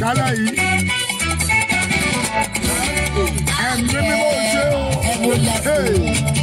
lálẹ́ yìí. ẹ̀mí mímọ́ ṣe o.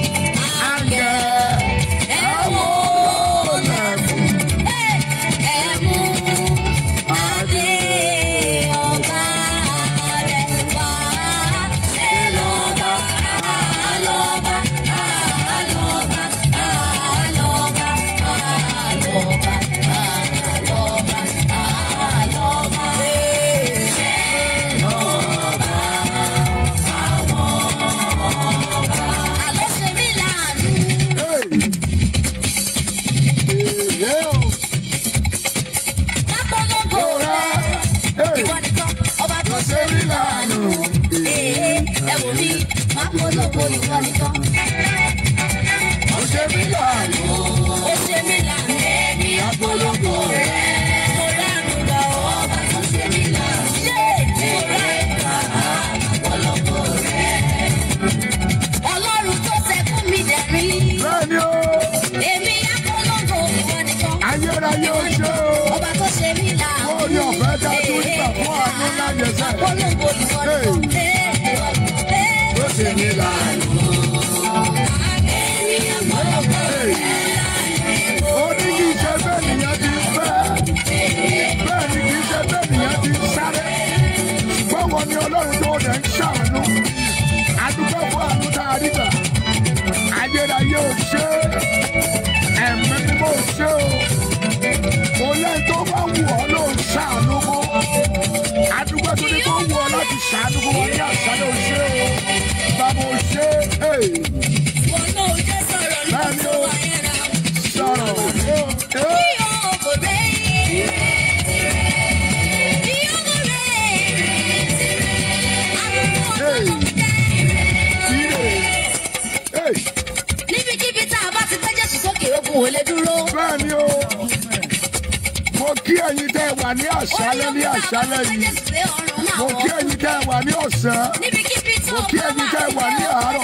ní àṣálẹ́ ní àṣálẹ́ yìí mo kí ẹ̀yin tẹ́ ẹ wà ní ọ̀sán mo kí ẹ̀yin tẹ́ ẹ wà ní àárọ̀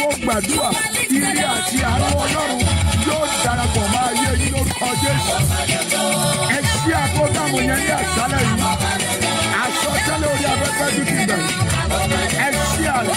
mo gbàdúrà ire àti àárọ̀ ọlọ́run yóò darapọ̀ máa yé yín lórúkọ Jésù ẹ ṣí àkótámù yẹn ní àṣálẹ́ yìí àsọtẹ́lẹ̀ orí afẹ́fẹ́ dúdú bẹ̀rẹ̀ ẹ ṣí àrẹ.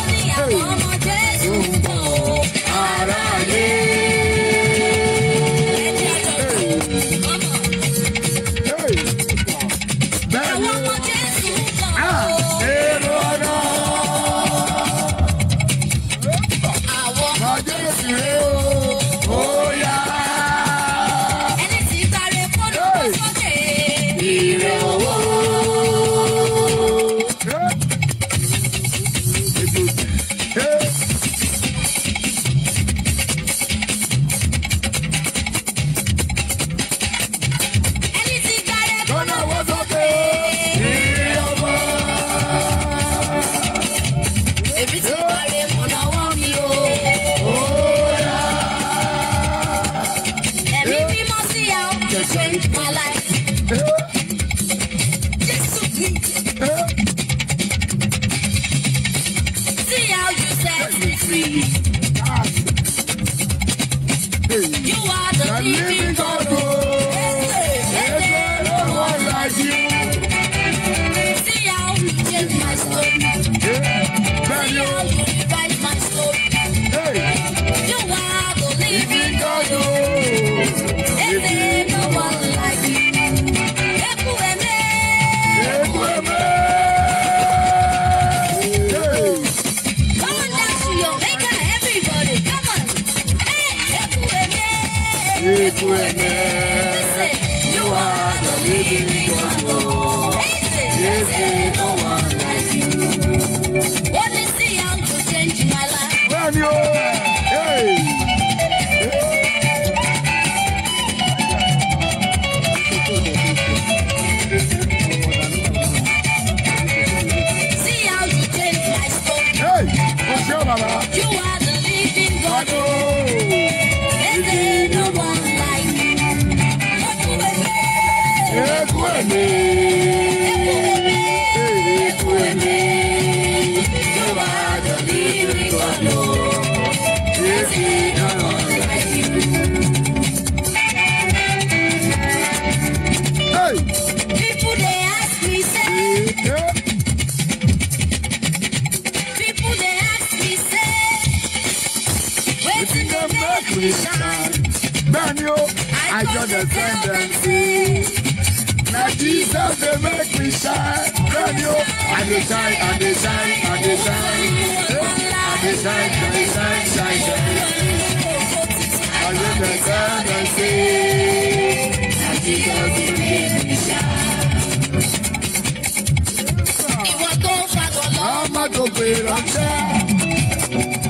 gbé ránṣẹ́.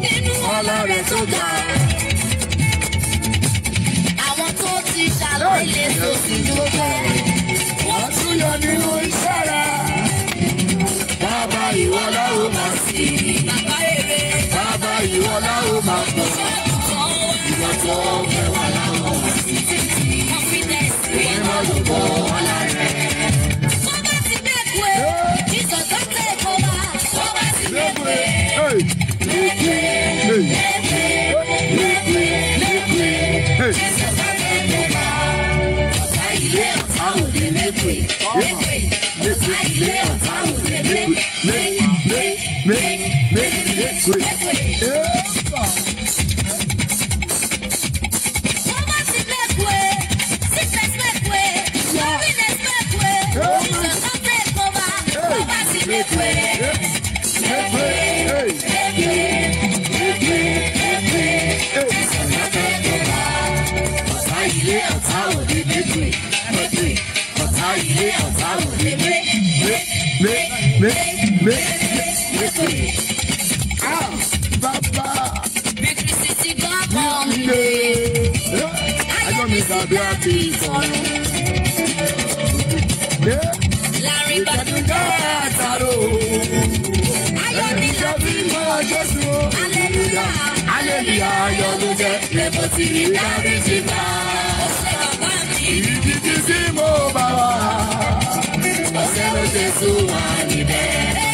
Nínú ọlọ́rẹ̀ tó ga. Àwọn tó ti ṣàlóye tó sì lókè. Wọ́n tún yọ nínú iṣẹ́ rẹ̀. Bàbá ìwọ lọ́rùn mọ̀ sí i ọlá ó máa pọ̀ ìwà tó fẹ́ wà láwọn ọ̀sìn. ìwé máa yọ̀ bọ̀ ọlá rẹ̀. sọ́dọ̀ ti ti gbẹ̀gbẹ̀ gbẹ̀gbẹ̀ tó tẹ̀ kọ́ wa ọ̀tá ilé ọ̀tá òde gbẹ̀gbẹ̀ Bàbá bíkiri sisi gbàgbọ́ mi. Ayé mi tàbí àbí ìsọ̀rọ̀. Láàrin gbàdúgbò àtàrò. Ayọ̀ mi láti mọ Jésù. Aleluya, aleluya, ayọ̀ ló jẹ́. Lebo ti rí dáríjì gbà. Ó ṣe bàbá mi. Ìdí tí sí mo bá wà. Possamos Jesus a liberar.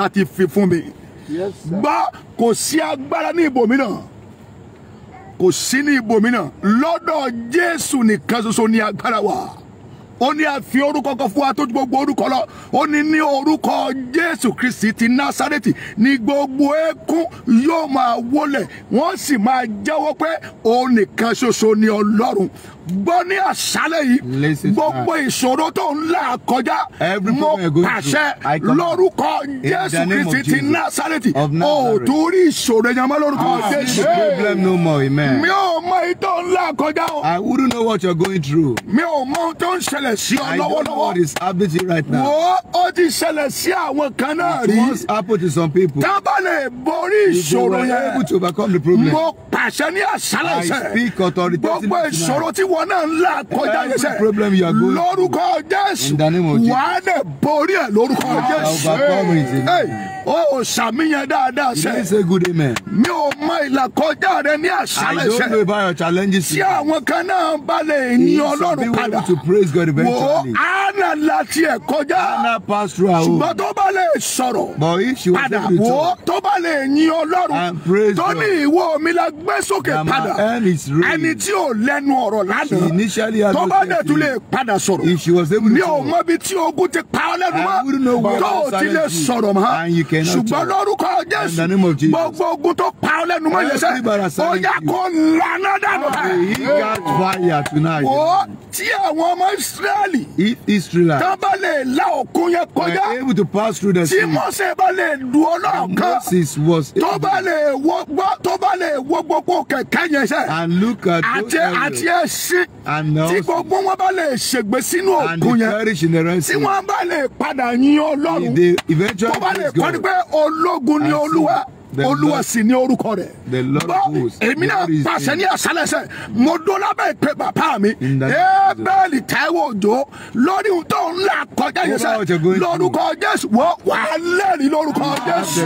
láti fi fún mi gbọ́ kò sí agbára ní ibòmíràn kò sí ní ibòmíràn lọ́dọ̀ Jésù nìkan ṣoṣo ní agbára wa ó ní a fi orúkọ kan fún wa tó ju gbogbo orúkọ lọ ó ní ní orúkọ jésù kristi ti násárẹ́tì ní gbogbo eékún yóò máa wólẹ̀ wọ́n sì máa jẹ́wọ́ pé òun nìkan ṣoṣo ni ọlọ́run gbọ́ ní àṣálẹ̀ yìí gbogbo ìṣòro tó ń là kọjá mo pàṣẹ lórúkọ Jésù Kristi ti Násárẹ́tì o tó rí ìṣòro yẹn mọ́ lórúkọ ah, Jésù. mi ò mọ èyí tó ń là kọjá o. I wouldn't know what you're going through. mi ò mọ ohun tó ń ṣẹlẹ̀ sí ọ lọ́wọ́lọ́wọ́. I don't know what is happening to you right now. wo ó ti ṣẹlẹ̀ sí àwọn kan náà rí. it must happen to some people. tábàlẹ̀ borí ìṣòro yẹn. if you were able to overcome the problem. mo pàṣẹ ní àṣálẹ̀ sẹ́. I speak authoritatively. gbogbo ìṣòro tí wọ́n ìwọ náà ń là kọjá yẹsẹ lórúkọ jésù wàá dẹ borí ẹ lórúkọ ah, jésù o sàmìyàn dáadáa sẹ mi ò mọ ìlàkọjá rẹ ní àṣálẹ́ sẹ tí àwọn kan náà bá lè ní ọlọ́run padà wò ó àánà láti ẹ̀ kọjá ṣùgbọ́n tó bá lè sọ̀rọ̀ padà wò ó tó bá lè ní ọlọ́run tó ní ìwọ mi la gbé sókè padà ẹni tí ò lẹ́nu ọ̀rọ̀ láti lánàá tó bá dẹ̀ tún lè padà sọ̀rọ̀ mi ò mọ bí tí ogun ti pa ọ́ lẹ́nu mọ́ tó o ti lè sọ̀rọ̀ mọ́ ṣùgbọ́n lórúkọ Jésù gbogbo ogun tó pa ọ́ lẹ́nu mọ́ yẹsẹ́ ó yà kó lánàá dànù o tí àwọn ọmọ Ísírẹ́lì tó bá lè la òkun yẹn kọjá tí Mósè bá lè du ọlọ́ọ̀kan tó tó bá lè wọ́gbọ́ kó kẹ̀kẹ́ yẹn sẹ́ àti àti ẹ̀sìn sí tí gbogbo wọn bá lè ṣègbè sínú òkun yẹn tí wọn bá lè padà yin Ọlọ́run tó bá lè kọ́ pé ológun ni Olúwa olúwa sì ní orúkọ rẹ bọ èmi náà pàṣẹ ní àṣálẹ́sẹ̀ mo dún lábẹ́ ìpè bàbá mi Ébẹ́lì Táíwò Òjó lórí tó ń là kọjá yẹn sẹ lórúkọ Jésù wọ wàá lẹ́rìí lórúkọ Jésù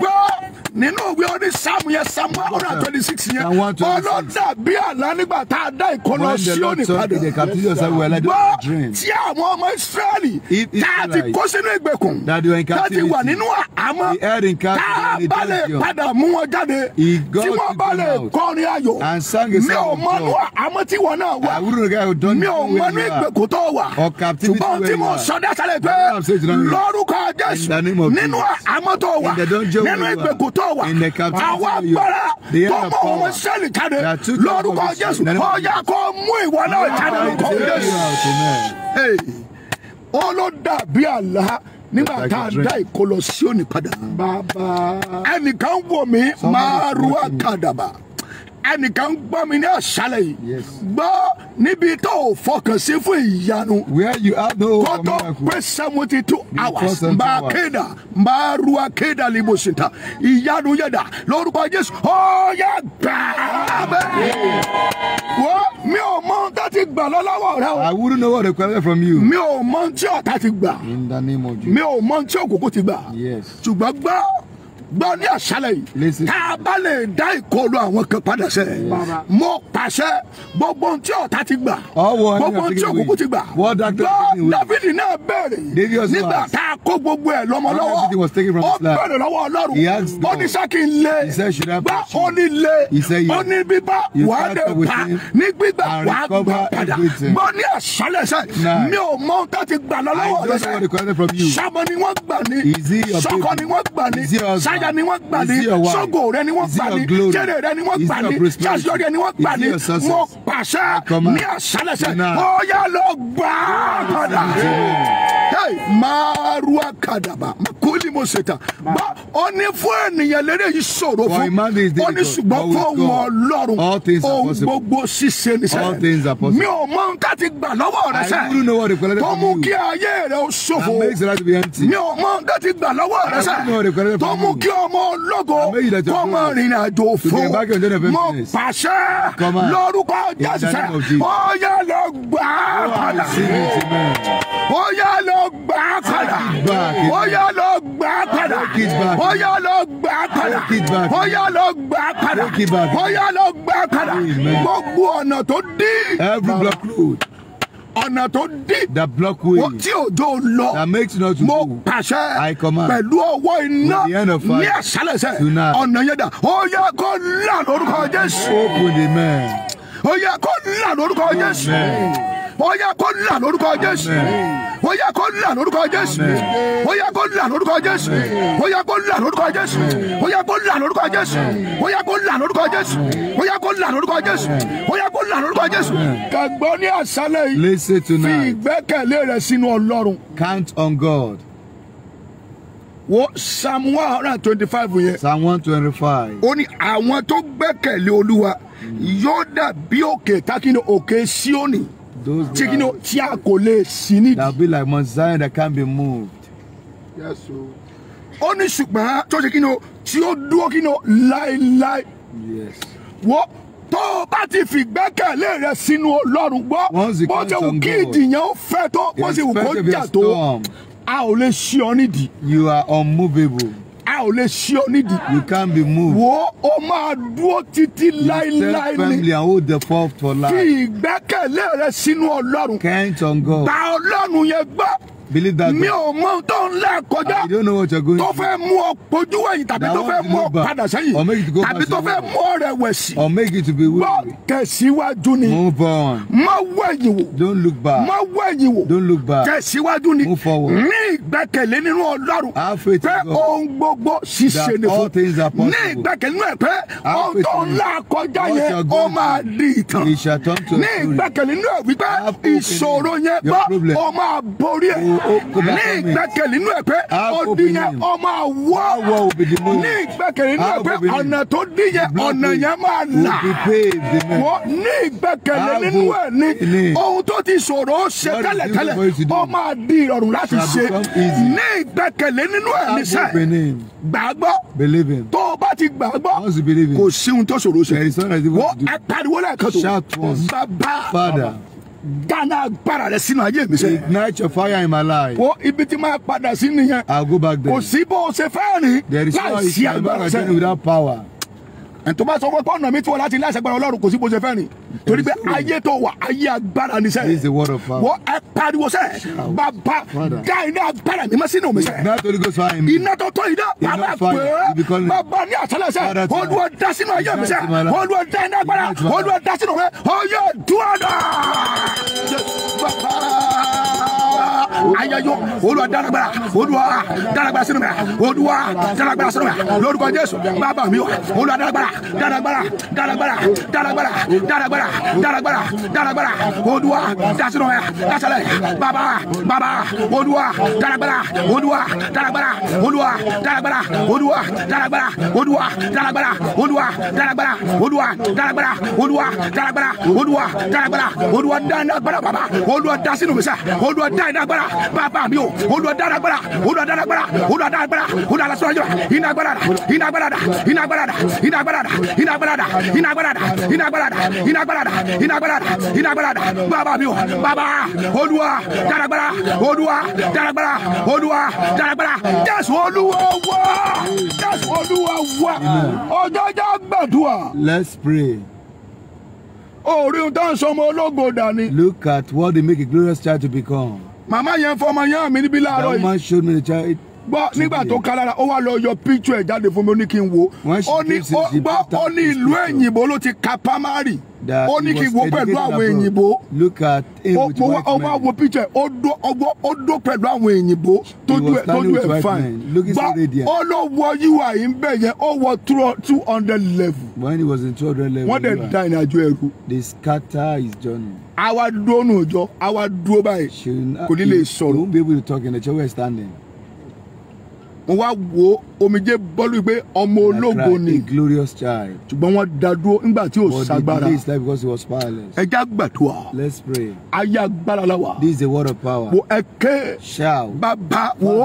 gbọ́ nínú òwe orí sáàmù yẹn sáàmù one hundred twenty six yẹn ọlọ́dà bí àlá nígbà tá a dá ìkọlọ Síónì padà gbọ́ tí àwọn ọmọ Ísírẹ́lì tá a ti kó sínú ìgbèkùn tá a ti wà nínú àmọ́ tá a bá lè padà mú wọn jáde tí wọ́n bá lè kọrin ayọ̀ mi ò mọnú àmọ́ tí wọ́n náà wà mi ò mọnú ìgbèkùn tó wà ṣùgbọ́n tí mo sọ dẹ́sẹ̀ lè pé Jésù nínú àmọ́ tó wà nínú ìgbèkùn tó tó wà àwọn agbára tó mọ ọmọ sẹ́ẹ̀lì jáde lórúkọ jésù ọ̀yà kó mú ìwọ náà jáde lórúkọ jésù ó ló àlá nígbà tá a dá ìkọlọ sí òní padà ẹnìkan wò mí máa ru àkàdàbà ẹnìkan gbọ́ mi ní àṣálẹ̀ yìí gbọ́ níbi tó o fọkàn sí fún ìyanu kó tó pé seventy two hours mbà kéda mbà ruwa kéda libosita ìyanu yẹ̀dà lórúkọ Jésù ó yẹ gbàgbé wo mi ò mọ ohun ti gbà lọ́wọ́ rẹ o. I wouldn't know what required from you. mi ò mọ ohun ti gbà. mi ò mọ ohun tí ti gbà. ṣùgbọ́n gbọ́ gbọ́ ní àṣálẹ̀ yìí tá a bá lè dá ìkọlù àwọn kan padà sẹ́ mo pàṣẹ gbogbo ohun tí ọ̀tá ti gbà gbogbo ohun tí òkùnkùn ti gbà gbọ́ dáfídì náà bẹ̀rẹ̀ nígbà tá a kó gbogbo ẹ̀ lọ́mọ lọ́wọ́ ó bẹ̀rẹ̀ lọ́wọ́ ọlọ́run ó ní sákì ń lé gbá ó ní lé ó ní bíbá wà á lè pa ní gbígbà wà á gbà padà gbọ́ ní àṣálẹ̀ sẹ́ mi ò mọ ohun tó ti gbà lọ́wọ́ rẹ sẹ́ sọ́kọ ni wọ́n gbà ní sọ́kọ ni wọ́n gbà ní sáj rẹ ni wọ́n gbà ní ṣògo rẹ ni wọ́n gbà ní jẹ́rẹ̀ rẹ ni wọ́n gbà ní ṣàṣeyọrí rẹ ni wọ́n gbà ní mo pàṣẹ ah, ní àṣálẹ́sẹ̀ ó lọ gbà á padà. Márùá kàdàbà, kúlì mo ṣètà. Ó ní fún ènìyàn lérè yìí ṣòro fún. Ó ní ṣùgbọ́n fún wọn lọ́rùn. Ohun gbogbo ṣíṣe nìṣẹ́. Mi ò mọ nǹkan ti gbà lọ́wọ́ rẹ sẹ́. Tó mú kí ayé rẹ ṣòfò. Mi ò mọ nǹkan ti gbà lọ́wọ́ rẹ sẹ́. Tó mú k kí ọmọ ológo kó mọ rìnrìn àjò fún mọ pàṣẹ lórúkọ jésù ó yá lọ gbà á padà ó yá lọ gbà á padà ó yá lọ gbà á padà ó yá lọ gbà á padà ó yá lọ gbà á padà ó yá lọ gbà á padà gbogbo ọ̀nà tó dín. every block road ọ̀nà tó dì. the block way. tí òjò lọ. that makes not to go. mo pàṣẹ. I command. pẹ̀lú ọwọ́ iná. with the end of fire. ní àṣálẹ̀ṣẹ̀. tonight. ọ̀nà yẹn dà. ó yẹ kó là lórúkọ Jésù. open the man ó yẹ kó là lórúkọ Jésù ó yẹ kó là lórúkọ Jésù ó yẹ kó là lórúkọ Jésù ó yẹ kó là lórúkọ Jésù ó yẹ kó là lórúkọ Jésù ó yẹ kó là lórúkọ Jésù ó yẹ kó là lórúkọ Jésù ó yẹ kó là lórúkọ Jésù ó yẹ kó là lórúkọ Jésù. kàgbọ́ ní àṣálẹ̀ yìí fi ìgbẹ́kẹ̀lé rẹ̀ sínú Ọlọ́run. count on God wo psalm one hundred and twenty-five yẹn. psalm one twenty-five. ó ní àwọn tó gbẹ́kẹ̀lé olúwa yóò dàbí òkè takini òkè Síónì tikini tí a kò lè sí nídìí. that be like Mount Zion that can be moved. Yes, o. ó ní ṣùgbọ́n tó ṣe kíni o tí ó dúró kíni o láéláé. Yes. wọ́n tó o bá ti fi gbẹ́kẹ̀lé rẹ sínú Ọlọ́run gbọ́ bó ṣe wù kí ìdìyàn ó fẹ́ tó bó ṣe wù kó jà tó a ò lè ṣí ọ nídìí. you are unmovable a ò lè ṣí ọ nídìí. you can't be moved. wo o máa dúró títí láíláí ni. you and hold the fort for life. fi ìgbẹ́kẹ̀lé rẹ sínú ọlọ́run. count on God. gba ọlọ́run yẹn gbọ́ believe that mi ò mọ tó ń lẹ kọjá tó fẹ́ mú ọ pojú ẹ̀yìn tàbí tó fẹ́ mú ọ padà sẹ́yìn tàbí tó fẹ́ mú ọ rẹ̀wẹ̀sì bọ́ tẹ̀síwájú ni má wẹ̀yìn wò wẹ̀yìn wò tẹ̀síwájú ni ní ìgbẹ́kẹ̀lé nínú ọlọ́run pé ohun gbogbo ṣiṣẹ́ ni fún ní ìgbẹ́kẹ̀lé nínú ẹ̀ pé ohun tó ń lẹ kọjá yẹn ó máa di ìtàn ní ìgbẹ́kẹ̀lé nínú ẹ̀ wípé ìṣòro yẹn bá ọ ní ìgbẹ́kẹ̀lé nínú ẹ̀ pé òdìyẹ ọmọ àwọ̀ ní ìgbẹ́kẹ̀lé nínú ẹ̀ pé ọ̀nà tó dìyẹ ọ̀nà yẹn máa là wọ́n ní ìgbẹ́kẹ̀lé nínú ẹ̀ ní ohun tó ti ṣòro ṣe tẹ́lẹ̀tẹ́lẹ̀ ó máa di ìrọ̀rùn láti ṣe ní ìgbẹ́kẹ̀lé nínú ẹ̀ ní sẹ́ gbàgbọ́ tó o bá ti gbàgbọ́ kò sí ohun tó ṣòro ṣe wọ́n ẹ lẹ́ẹ̀kan tó bàbá. Ghana agbára rẹ sínú ayé mi ignite your fire in my life. wo ibi tí máa padà sí nìyẹn. I go back there. kò sí bó o ṣe fẹ́ rìn there is no way you can go back there without power ẹni tó bá sọ pé ọ̀nà mi tí wọ́n láti láṣẹ gbára ọlọ́run kò sí bó fẹ́ rìn torí pé ayé tó wà ayé agbára ni sẹ́ wọ́n ẹ pariwo sẹ́ bàbá dá iná agbára mi mọ́ sínú mi sẹ́ iná tó tó iná bàbá pé bàbá ní àṣálẹ̀ sẹ́ olúwa dá sínú ayé mi sẹ́ olúwa dá iná agbára olúwa dá sínú rẹ ọyọ dúró ayẹyọ olúwa dáragbára olúwa dáragbára sínú mi olúwa dáragbára sínú mi lórúkọ jésù bàbá mi olúwa dáragbára dáragbára dáragbára dáragbára dáragbára dáragbára dáragbára Olúwa dasinu ya dasẹlẹ baba baba Oduwa, dáragbára Olúwa dáragbára Olúwa dáragbára Oduwa, dáragbára Olúwa dáragbára Olúwa dáragbára Oduwa, dáragbára Olúwa dáragbára Olúwa dáragbára Oduwa, dáragbára baba Oduwa, dasinu mi sa Olúwa dáragbára baba mi o Olúwa dáragbára Olúwa Oduwa, Olúwa dáragbára Olúwa dasinu ya inagbára inagbára inagbára inagbára da, agbára iná agbára iná agbára iná agbára iná agbára iná agbára iná agbára bàbá mi o bàbá olúwa daragbara olúwa daragbara olúwa daragbara jésù olúwa wá jésù olúwa wá ọjọ́jọ́ gbàdúrà. let's pray. orí ohun tó ń sọ ọmọ ológo dání. look at what they make a glorious child to become. Mama, yẹn fọmọ yẹn mi níbí láàárọ̀ yìí. that woman showed me the child gbọ́ nígbà tó ká lára ó wá lọ yọ píṣọ ẹ̀ jáde fún mi ó ní kí n wo ó ní gbọ́ ó ní ìlú èyìnbó ló ti ka pámárì ó ní kí n wo pẹ̀lú àwọn èyìnbó ó wá wo píṣọ ẹ̀ ó dó pẹ̀lú àwọn èyìnbó tójú ẹ̀ tójú ẹ̀ fine gbọ́ ó ló wọ yíwà yìí ń bẹ̀ yẹn ó wọ two hundred level wọ́n dẹ̀ da ìrìnàjò ẹ̀rú. they scatter his journey. àwa dúró nù jọ àwa dúró báyìí kò ní lè sọ̀rọ̀ mo wá wo omijé bọ́lú pé ọmọ ológo ni ṣùgbọ́n wọ́n dá dúró nígbà tí ò sagbára ẹ já gbàdúrà ayé agbára la wà wo ẹ ké bàbá wo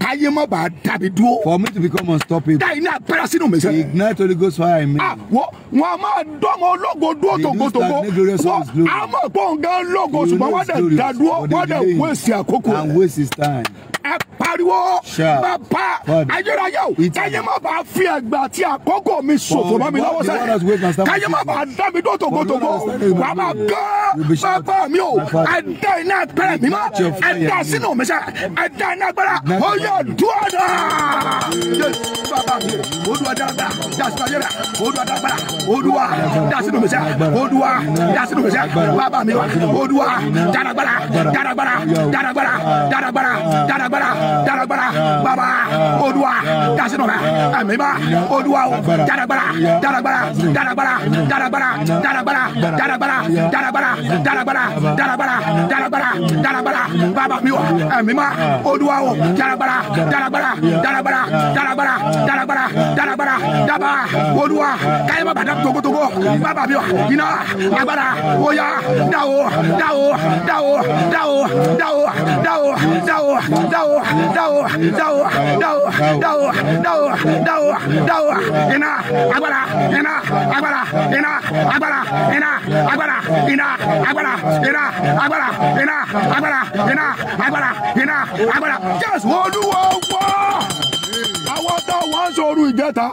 káyé mọ̀ bá dàbí dúró. for me to become unstoppable. dáì ní àpẹẹrẹ sínú mi sẹ́yìn. ignite holy ghost fire in me. àwọn ah, wọn a máa dọ́mọ ológo dúró tògótògó wọn a máa pọ̀ nǹkan ológo ṣùgbọ́n wọ́n dẹ̀ dá dúró wọ́n dẹ̀ wéṣì àkókò rẹ̀. time. ẹ pariwo bàbá ayérayé o káyé mọ̀ bá fi ẹgbẹ́ àti àkókò mi ṣòfò mọ́ mi lọ́wọ́ sẹ́yìn káyé mọ̀ bá dá dúró tògótògó wà á máa gán bàbá mi o ẹ iná àpẹẹrẹ mi mọ́ ẹ sínú mi sẹ́yìn ọdún ọ̀dà. Jésù bàbá mi, Olúwa dàgbà, dàsínú ayé rẹ̀, Olúwa dàgbà, Olúwa dàsínú mi sẹ́, Olúwa dàsínú mi sẹ́, bàbá mi wa, Olúwa dàdàgbàrà, dàdàgbàrà, dàdàgbàrà, dàdàgbàrà, dàdàgbàrà, dàdàgbàrà, bàbá Olúwa dàsínú mi, ẹ̀mí ma, Olúwa o, dàdàgbàrà, dàdàgbàrà, dàdàgbàrà, dàdàgbàrà, dàdàgbàrà, dàdàgbàrà, dàdàgbàrà, dàdàgbàrà, dàdàgbàrà, dàdàgbàrà, dàdàgbàrà, bàbá mi wa, ẹ̀mí ma, Olúwa o, dàdàgbàrà dalagbara dalagbara dalagbara dalagbara dalagbara daba olúwa káyọ̀ má bàdá togotogo má bàbí wa iná agbára oya dáwó dáwó dáwó dáwó dáwó dáwó dáwó dáwó dáwó dáwó dáwó dáwó dáwó dáwó dáwó iná agbára iná agbára iná agbára iná agbára iná agbára iná agbára iná agbára iná agbára iná agbára jésù olúwa olúwa wá àwọn tá a wá ń sọ̀rọ̀ ìjẹta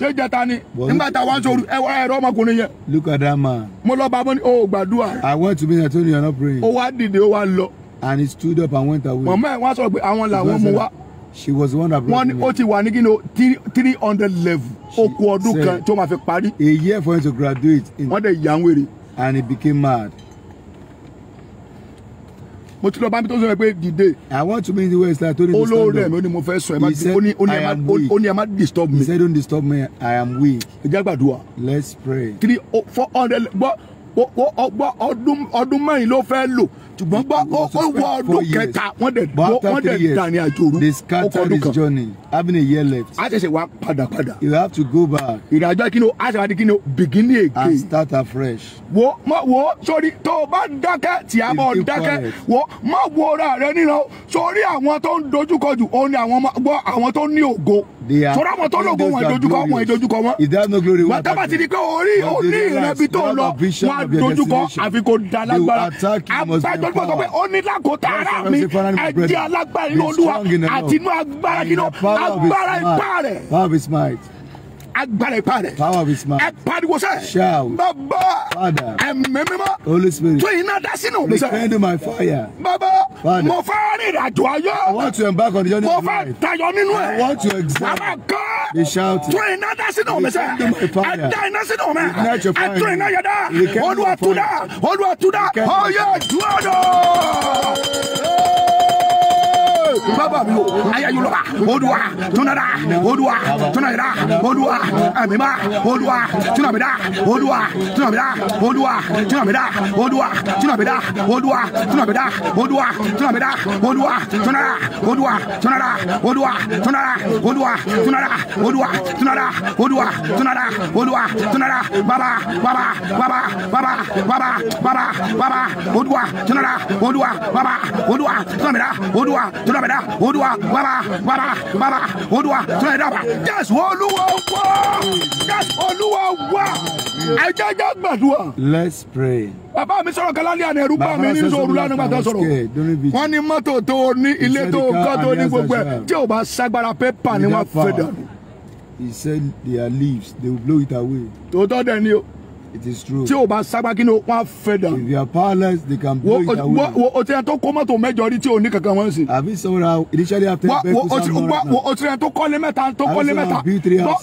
ṣé jẹta ni nígbà tá a wá ń sọ̀rọ̀ ẹ ẹ̀rọ ọmọkùnrin yẹn. look at that man. mo lọ bá a mọ ní o oh, gbàdúrà. I want to be in Antonio not praying. ó wá dìde ó wá lọ. and he stood up and went away. mọ̀mọ́ ẹ̀ wá sọ pé àwọn làwọn mú wá. she was the one that brought me. wọ́n ní ó ti wà ní kí ni three hundred level. ó kù ọdún kan tí ó máa fi parí. a year for him to graduate. wọ́n dẹ̀ yà ń wèrè. and he became mad mo ti lọ bá mi tó sọ pé dìde. I want to meet the way star torí to stand up. olórí ẹ̀mí ó ní mo fẹ́ sọ ẹ̀ má ó ní ẹ má disturb me. He said don't disturb me I am weak. ẹ jẹ́ gbàdúrà. Let's pray. three oh, four hundred gbọ́ ọdún mẹ́rin ló fẹ́ lò ṣùgbọ́n gbọ́ ó wọ ọdún kẹta wọ́n dẹ̀ wọ́n dẹ̀ dàní àjò òru ọkọ̀ ọdún kan having a year left. a ṣẹ̀ṣẹ̀ wá padà padà. you have to go back. ìrìnàjò kí ni o a ṣẹ̀ṣẹ̀ wá di kí ni begin again. and start afresh. wo ma wo sori tó o bá dákẹ́ tí a bọ̀ dákẹ́ wo ma wo ra rẹ nínú sori àwọn tó ń dojúkọ jù ó ní àwọn gbọ́ àwọn tó ní ògo. sori àwọn tó ní ògo wọn ìdojúkọ wọn ìdojúkọ wọn. if that no glory wọn tábà ti di pé orí orí ìrẹbi tó lọ wọn àdojúkọ àfikún dalágbára abájọ torí mo sọ pé ó ní lákòótá ara mi ẹ̀jẹ̀ alágbára inú olúwa àti agbára inú agbára ipá rẹ̀ agbára ipá rẹ̀. power of his mouth. ẹ pariwo sẹ́. shout. bàbá ẹ̀mí mímọ́. holy spirit. tún iná dá sínú mi sẹ́. rekindle my fire. bàbá mo fẹ́ rìn ìrìnàjò ayọ̀. i want to embark on the journey of life. mo fẹ́ tayọ nínú ẹ̀. i want to excel. àwọn kan. the shout. tún iná dá sínú mi sẹ́. rekindle my fire. ẹ dá iná sínú mi. ignite your fire. ẹ tún iná yẹ dá. rekindle my fire. olúwa tún dá. olúwa tún dá. ọyẹ dúró dọ̀ baba mi o ayayoloba oduwa tunada oduwa tunayira oduwa amima oduwa tunabida oduwa tunabida oduwa tunabida oduwa tunabida oduwa tunabida oduwa tunabida oduwa tunada oduwa tunada oduwa tunada oduwa tunada oduwa tunada oduwa tunada oduwa tunada baba baba baba baba baba baba baba oduwa tunada oduwa baba oduwa tunabida oduwa tunabida gbàmìnà olúwa bàbá bàbá bàbá olúwa tó yẹ dábàá jésù olúwa wá jésù olúwa wá let's pray. bàbá mi sọ̀rọ̀ kálá ní àná ẹ̀rú bá mi ní sòrò lánàá gbàtà sọ̀rọ̀ wọ́n ní mọ́tò tó o ní ilé tó o kọ́ tó o ní gbogbo ẹ̀ tí o bá ságbára pépà ni wọ́n fẹ́ dànù. he said their leaves they will blow it away. tòótọ́ dẹ̀ ni o it is true. tí o bá sagbá kí ni wọ́n á fẹ́ dà. if you are powerless they can blow you away. wo wo o ti yàn tó kó mọ́tò mẹ́jọ rí tí o ní kankan wọ́n sì. àbí sọ́wọ́ra initially after ten bẹ́ẹ̀ kó sáà mọ́ra náà. wo o ti yàn tó kọ́lé mẹ́ta tó kọ́lé mẹ́ta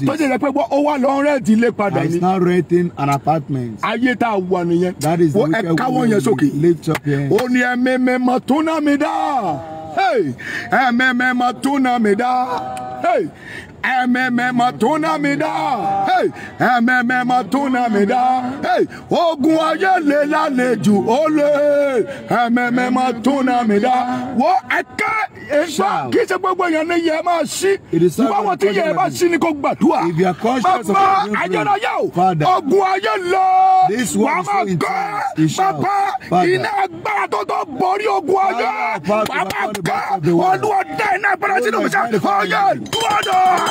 tó ṣe yẹ pé ó wà lọ́n rẹ́ẹ̀dì ilé padà ni. i start renting an apartment. ayé tá a wà nìyẹn. that is the wicked woman wo ẹ̀ka wọn yẹn sókè. late chop yẹn. o ní ẹ̀mẹ̀mẹ̀ mọ̀ tó ná mi dá. ẹ̀mẹ̀mẹ̀ mọ̀ tó ná mi dá ẹ̀mẹ̀mẹ̀mọ̀ tó ogun ayé lè lálejò ó lè ẹ̀mẹ̀mẹ̀mọ̀ tó ná mi ṣe gbogbo èèyàn ní yẹ máa ṣí ìwọ́wọ́ tí yẹ máa ṣí ni kò gbàdúrà bàbá ayérayé ogun ayé lọ wà á máa gbọ́ bàbá iná agbára tó tó borí ogun ayé wà á olúwa dá iná agbára sínú ìṣe ọyẹ dúró náà.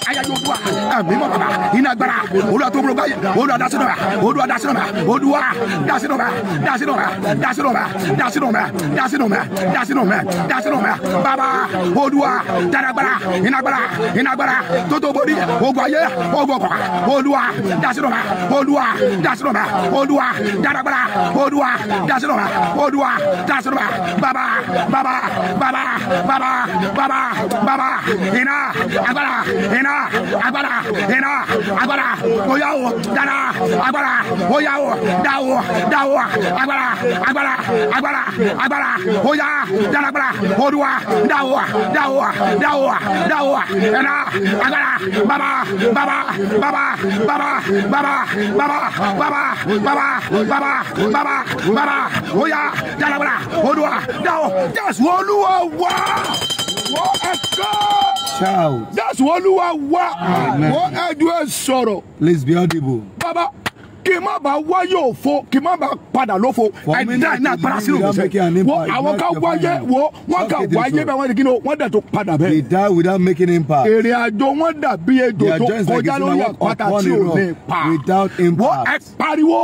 Baba, baba, baba, baba, baba, baba, tó bolo báyìí olúwa dá sínú wa olúwa dá sínú wa olúwa dá sínú wa dá sínú wa dá sínú wa dá sínú wa dá sínú wa dá sínú wa dá sínú wa bàbá olúwa dára agbára iná agbára iná agbára tó tó borí ogun ayé ogun ọkọ̀ olúwa dá sínú wa olúwa dá sínú wa olúwa dára agbára olúwa dá sínú wa olúwa dá sínú wa bàbá bàbá bàbá bàbá bàbá bàbá iná agbára iná agbára iná agbára oya o dada agbára oya o da o da o agbára agbára agbára agbára oya dada agbára oduwa da o da o da o baba baba baba baba baba baba baba baba baba baba baba oya dada agbára oduwa da o jésù olúwa wọ́n ẹ̀ka. shout. that's wọ́n lù wá wá. amen. wọ́n ẹ̀dùn ẹ̀ sọ̀rọ̀. please be audible. baba kí n má bàa wáyé òfo kí n má bàa padà lófo àìdá iná agbára sínú ìgbésẹ̀ wo àwọn ká wáyé wo wọn ká wáyé bẹ́ẹ̀ wọ́n di kí ni o wọ́n dẹ̀ tó padà bẹ́ẹ̀. they die without making impact. èrè àjò wọn dàbí ejò tó kọjá lórí àpáta tí ò ní pa wo ẹ pariwo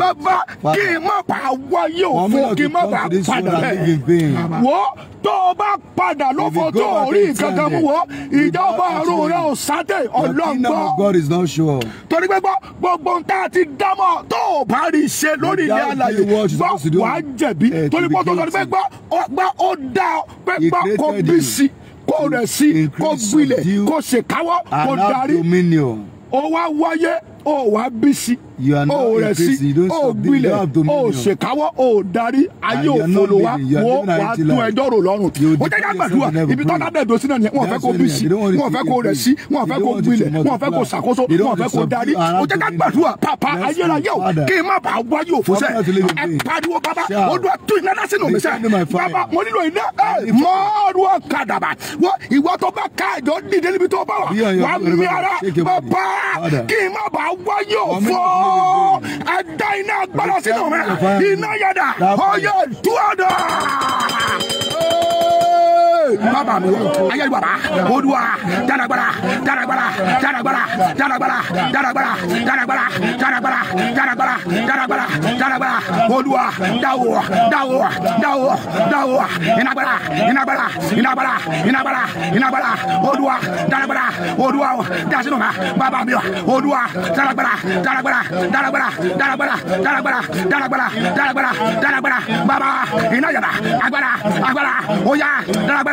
bàbá kí n má bàa wáyé òfo kí n má bàa padà bẹ́ẹ̀ wo tó o bá padà lófo tó o rí kankan mú wo ìjọba àrùn rẹ ò sáté ọlọ́ngbọ́n torí pé gbogbo ń tá a ti d àdámọ̀ tó o bá rí ṣe lórí ilé alàyè gbọ́ wà á jẹ̀bi eh, torí pé tọ́jú pé gbọ́ ó dá ọ pé gbọ́ kó bí sí kó rẹ̀ sí kó gbilẹ̀ kó ṣèkáwọ́ kó darí ó wáyé o wà bísí o rẹ̀ sí o gbilẹ̀ o ṣèkáwọ́ o darí ayé òfolo wa wọ́n wà tún ẹjọ́ rò lọ́rùn o jẹ́ gbàdúrà ibi tọ́lá dẹ̀ dó sí náà nìyẹn wọ́n fẹ́ kó bísí wọ́n fẹ́ kó rẹ̀ sí wọ́n fẹ́ kó gbilẹ̀ wọ́n fẹ́ kó ṣàkóso wọ́n fẹ́ kó darí o jẹ́ gbàdúrà pàpà ayérayé o kí n má bàa wáyé òfòsẹ́ ẹ pariwo bàbá o dún ẹtú iná náà sínú mi sẹ́ bàbá mo nílò iná wáyé òfò ẹ̀dá iná agbára sínú mi iná yàda ọyọ dúọ̀dọ̀ bàbá mi lọ ayé bàbá Olúwa dáradára dáradára dáradára dáradára dáradára dáradára dáradára dáradára dáradára dáradára Olúwa dáwọ dáwọ dáwọ dáwọ ìnagbára ìnagbára ìnagbára ìnagbára ìnagbára Olúwa dáradára Olúwa dasinu ma bàbá mi wa Olúwa dáradára dáradára dáradára dáradára dáradára dáradára dáradára dáradára bàbá ìnáyàrá agbára agbára ó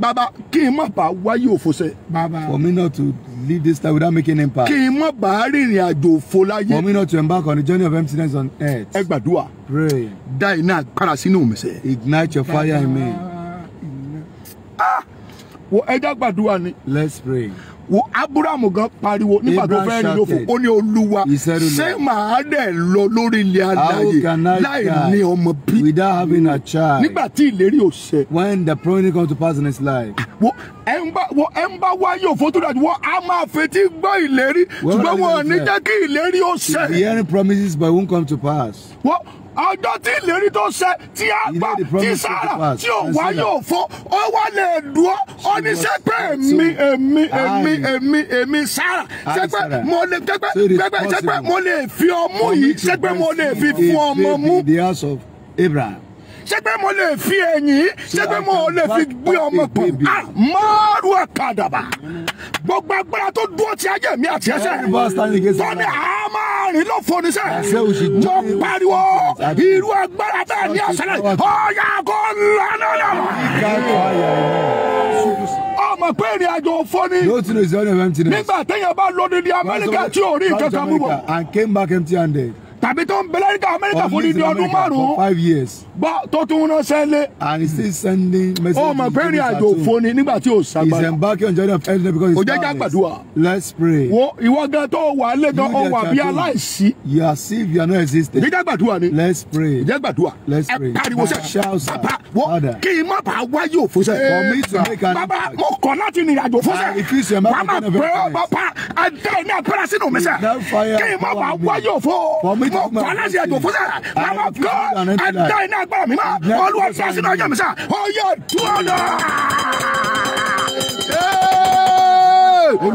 baba kí n má bàa wáyé òfò sẹ. baba for me not to leave this time without making impact. kí n má bàa rìnrìn àjò òfò láyé. for me not to embark on the journey of emptiness on earth. ẹ gbàdúrà. pray. dá iná agbára sínú mi sẹ. ignite your fire in me. ah wo ẹ gbàdúrà ni. let's pray wo abrahamu gan pariwo nígbà tó fẹ́ rìn lófo ó ní olúwa ṣé màá dẹ̀ lọ lórí ilẹ̀ alààyè láì ní ọmọ bí nígbà tí ìlérí ò ṣẹ. when the promise come to pass in his life. Ah, wo ẹ ń bá wáyé òfò dájú wọ́n á máa fetí gbọ́ ìlérí ṣùgbọ́n wọn ò ní jẹ́ kí ìlérí ó ṣẹ. the hearing promises but won't come to pass. wọ́n ọjọ́ tí ìlérí tó ṣẹ tí a gbà tí sára tí ò wá yóò fọ́ ó wá lè dúró ó ní sẹ́pẹ́ èmi èmi èmi èmi èmi sára sẹ́pẹ́ mo lè sẹ́pẹ́ sẹ́pẹ́ sẹ́pẹ́ mo lè fi ọmú yìí sẹ́pẹ́ mo lè fi fún ọmọ mú ṣé pé mo lè fi ẹ̀yìn ṣé pé mo lè fi gbé ọmọ pọ̀ mọ́rù ẹ̀ padà bá gbogbo agbára tó dúró ti ajé mi àti ẹsẹ̀ tọ́ni àmà rìn ló fonisẹ́ jọ pariwo irú agbára bẹ́ẹ̀ ní ọ̀sẹ̀lẹ̀ ọ̀yà kò lánàá ọmọ pé ìrìn àjò fọ́ni nígbà téèyàn bá lọ nídìí Amẹ́ríkà tí ò rí ìkẹta mú tàbí tó ń bẹ lẹ́ríkà Amẹ́ríkà fún ní ọdún márùn-ún bọ́ tó tún ránṣẹ́ lé. and he still sending messages. ó mọ̀ pé rìn àjò òfoni nígbà tí ò sagbara. he embarking on journey of health because he's is tired. òjẹ́jà gbàdúrà. let's pray. wo ìwọ gan tó wà lé gan ó wà bí aláìsí. you are sick you are not existing. ìjẹ́ gbàdúrà ni. let's pray. ìjẹ́ gbàdúrà. let's pray. ẹ pariwo sẹ́. bàbá wo kí n má bàa wáyé òfin sẹ́. for me to make an impact. bàbá mo kọ̀ láti rìn àjò òfin sẹ́. I refuse to embark on journey of health. bàbá bàbá àdá iná pẹ́rẹ́ sínú mi sẹ́. kí n má bàa wáyé òfin. mo kọ̀ láti rìn àjò òfin sẹ́. bàbá kọ́ àdá iná agbára mi máa olúwa fún ẹ sínú mi sá ọyọ dúró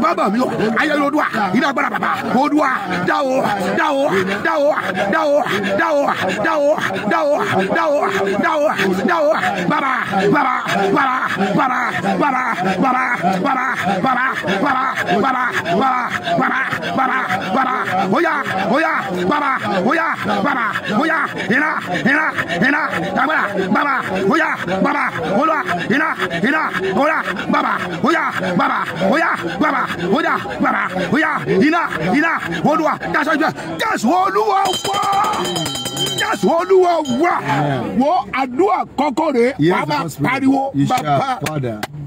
bàbá mi o ayẹyẹ odua iná agbára bàbá odua dáwọ dáwọ dáwọ dáwọ dáwọ dáwọ dáwọ dáwọ dáwọ dáwọ bàbá bàbá bàbá bàbá bàbá bàbá bàbá bàbá bàbá bàbá bàbá bàbá bàbá bàbá oya oya bàbá oya bàbá oya iná iná iná agbára bàbá oya bàbá olúwa iná iná olúwa bàbá oya bàbá oya bàbá ó dà bàbá ó yà iná iná olúwa daṣọ ìgbà jésù olúwa wá jésù wo àdúrà kọ́kọ́ rẹ̀ bàbá pariwo bàbá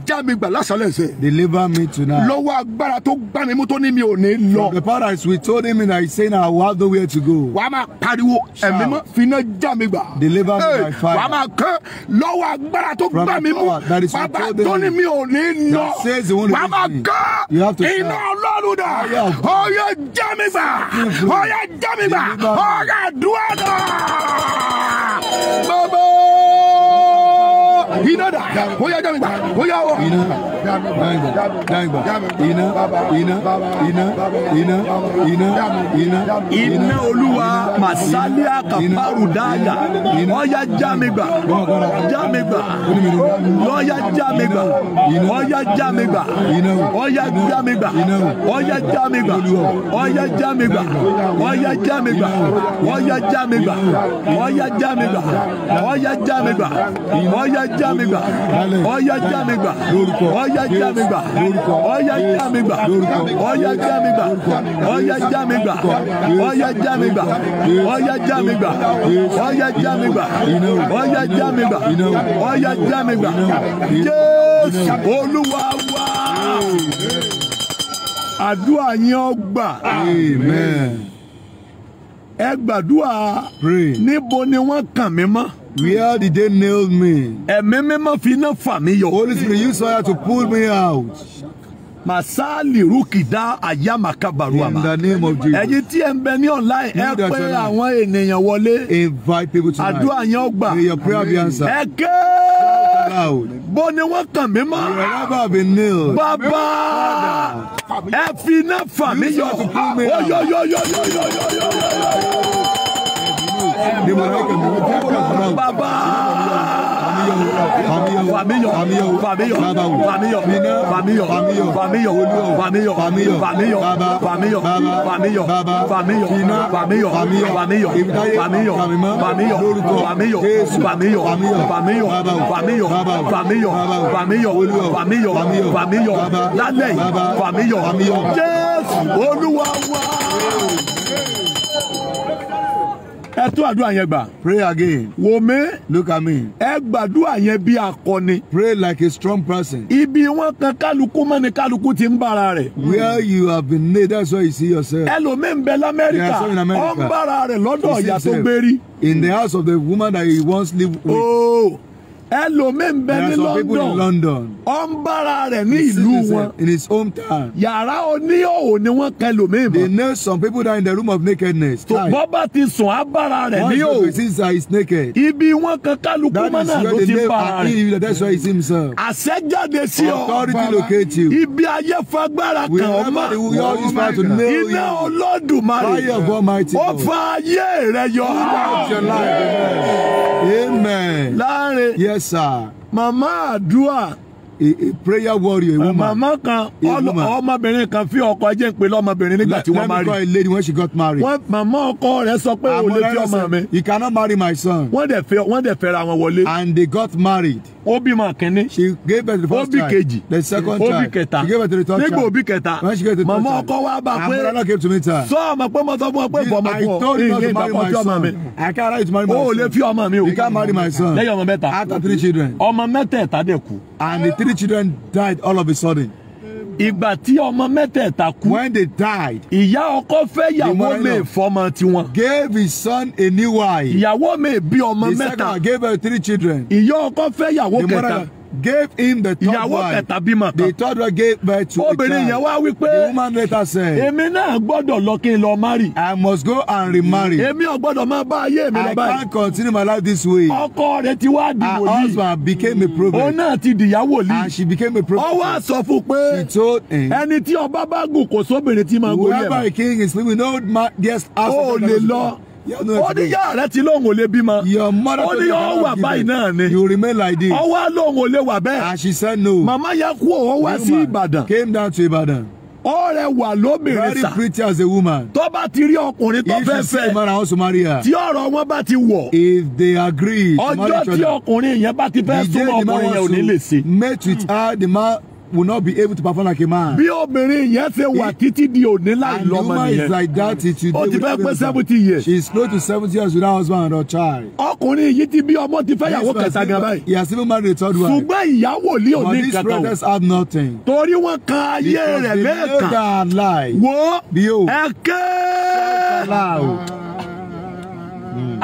já mi gbà lásàlẹ̀sẹ̀. deliver me tonight. lọ́wọ́ agbára tó gbá mi mú tó ní mi ò ní lọ. the parents we told him and I say na I will have to go. wàá máa pariwo ẹ̀mí mọ́ finá já mi deliver me by fire. wàá máa kán lọ́wọ́ agbára tó gbá mi mú bàbá tó ní mi ò ní lọ. wàá máa kán. You have to. iná ọlọ́run dà ọyọ jẹ́mígbà ọyọ jẹ́mígbà ọyọ àdúrà dà. bàbá iná dà ọyọ jẹ́mígbà ọyọ wọ. iná jẹ́mígbà iná iná iná iná iná iná iná. iná olúwa màsálíà kàfàrù dáadáa ọyọ jẹ́mígbà jẹ́mígbà ọyọ jẹ́mígbà ọyọ jẹ́mígbà ọyọ já mi gbà ọyá já mi gbà ọyá já mi gbà ọyá já mi gbà ọyá já mi gbà ọyá já mi gbà ọyá já mi gbà ọyá já mi gbà ọyá já mi gbà ọyá já mi gbà ọyá já mi gbà ọyá já mi gbà ọyá já mi gbà ọyá já mi gbà ọyá já mi gbà ọyá já mi gbà ọyá já mi gbà ọyá já mi gbà jésù olúwa àdúrà yín ó amen. ẹ gbàdúrà níbo ni wọ́n kàn mí mọ́. Where did they nail me? Ẹ̀mí mímọ́ fi iná fà mí yọ. Holy Spirit use fire to pull me out. Màsáàlì Rúkìdá Àyàmàkàbàrú àmà. In the name of Jesus. Ẹ̀yin tí ẹ ń bẹ ní online, ẹ pé àwọn ènìyàn wọlé. Invite people tonight. Àdúrà yẹn ó May your prayer be answered. Ẹ ké. Shout aloud ẹbọ ni wọ́n kàn mí mọ́. bàbá ẹ fi iná fà mí yọ. oyoyoyoyoyoyoyoyoyo ni mo láyé kẹmí wọn jẹ kẹsàn-án. bàbá fàmíyọ fàmíyọ fàmíyọ babawo fàmíyọ mina fàmíyọ fàmíyọ olúwa fàmíyọ fàmíyọ baba fàmíyọ fàmíyọ baba fàmíyọ mina fàmíyọ fàmíyọ ibitaye fàmíyọ fàmíyọ lórúkọ fàmíyọ jésù fàmíyọ fàmíyọ babawo fàmíyọ fàmíyọ fàmíyọ olúwa fàmíyọ fàmíyọ baba lálẹ́ yìí fàmíyọ jésù olúwa wa ẹ tún àdúrà yẹn gbà. pray again. wò mí. look at me. ẹ gbàdúrà yẹn bí akọni. pray like a strong person. ibi wọn kan kálukú mẹ́ni kálukú ti ń bára rẹ̀. where you have been laid that's why you see yourself. ẹlòmíín bẹ lamẹ́ríkà ọ̀ ń bára rẹ̀ lọ́dọ̀ ìyá tó gbérí. in the house of the woman that he once lived with. Oh ẹlòmíì ń bẹ ní London ó ń bára rẹ̀ ní ìlú uh, wọn in his hometown. yàrá oníhòòhò ni wọ́n kẹ lòmíì mọ́. they nail some people down in the room of nakedness. tó bọ́ bá ti sùn á bára rẹ̀ ní òwò. one person uh, is naked. ibi wọn kan kálukú mọ́ náà ló ti bára uh, rẹ̀. that is where he himself. àṣẹjáde sí ọ. authority locate you. ibi ayé fagbára kan ọmọ. we all use power to nail you. iná olódùmarè. fire of almighty God. ó fa ayé rẹ̀ yọ. amen. láàrin. yes sir mama adua a, prayer warrior a eh, woman. màmá kan ọmọbìnrin kan fi ọkọ ajé ń pè lọ́mọbìnrin nígbà tí wọ́n marry. lẹ́nu kọ́ ilé ni wọ́n ṣe got married. wọ́n màmá ọkọ rẹ̀ sọ pé o lè fi ọmọ mi. you cannot marry my son. wọ́n dẹ̀ fẹ́ wọ́n dẹ̀ fẹ́ra wọn wọlé. and they got married. ó bímọ kínní. she gave birth to the first child. ó bí kejì. the second child. ó bí kẹta. she gave birth to the third child. nígbà ó bí kẹta. when she gave birth to the third child. màmá ọkọ wa bá pé. àmúra náà came to meet her. sọ ọmọ pé mo sọ fún ọ pé bọ̀ ọmọ fún I told you not to marry my son. I can't allow you to marry my son. o ò lè fi ọmọ mi o. you can't marry my son. lẹ́yìn ọmọ mẹ́ta. after three children. ọmọ mẹ́tẹ̀ẹ̀ta dẹ̀ kú. and the three Three children died all of a sudden. Ìgbà tí ọmọ mẹ́tẹ̀ẹ̀ta kú. When they died. Ìyá ọkọ fẹ́ ìyàwó mi fọmọ tiwọn. Gave his son a new wife. Ìyàwó mi bí ọmọ mẹ́ta. The second gave her three children. Ìyá ọkọ fẹ́ ìyàwó kẹta gave him the third ìyàwó wife. kẹta bímọ kan. the third wife gave birth to a child. obìnrin yẹn wá wí the woman later said. èmi náà gbọ́dọ̀ lọ kí n lọ marry. I must go and remarry. èmi ò gbọ́dọ̀ máa bá ayé mi lọ báyìí. I can't continue my life this way. ọkọ rẹ̀ ti wá di wòlíì. her husband became a prophet. òun náà ti di ìyá and she became a prophet. ó wá fún pé. she told him. ẹni tí ọba bá gùn kò sóbìnrin tí máa gorí ẹ̀. whoever a king is living no man gets access. o ò lọ ó ní yá rẹ ti lóhùn ò lè bímọ ó ní ọ wà báyìí náà ni ọ wá lóhùn ò lè wà bẹ́ẹ̀ màmá yẹn kú ọ wá sí Ìbàdàn. came down to Ìbàdàn ó rẹwà lóbìnrin sà. very pretty as a woman. tó bá ti rí ọkùnrin tó fẹ́ fẹ́. if she say marry her. tí ọ̀rọ̀ wọn bá ti wọ̀. if they agree to marry each other. ọjọ́ tí ọkùnrin yẹn bá ti fẹ́ súnmọ́ ọkùnrin yẹn ò ní lè ṣe. met with her the man will not be able to perform like a man. bí obìnrin yẹn ṣe wà títí di òní láì lọ́mọ nìyẹn. and woman is like that till today. o ti fẹ́ pé seventy years. she is close to seventy years without husband or child. ọkùnrin yìí ti bí ọmọ ti fẹ́yàwó kẹta gan báyìí. he has even married a third wife. ṣùgbọ́n ìyàwó ní òní kankan. but these brothers have nothing. torí wọn kan ayé rẹ̀ lẹ́ẹ̀kan. because they know their life. wo ẹ̀kẹ́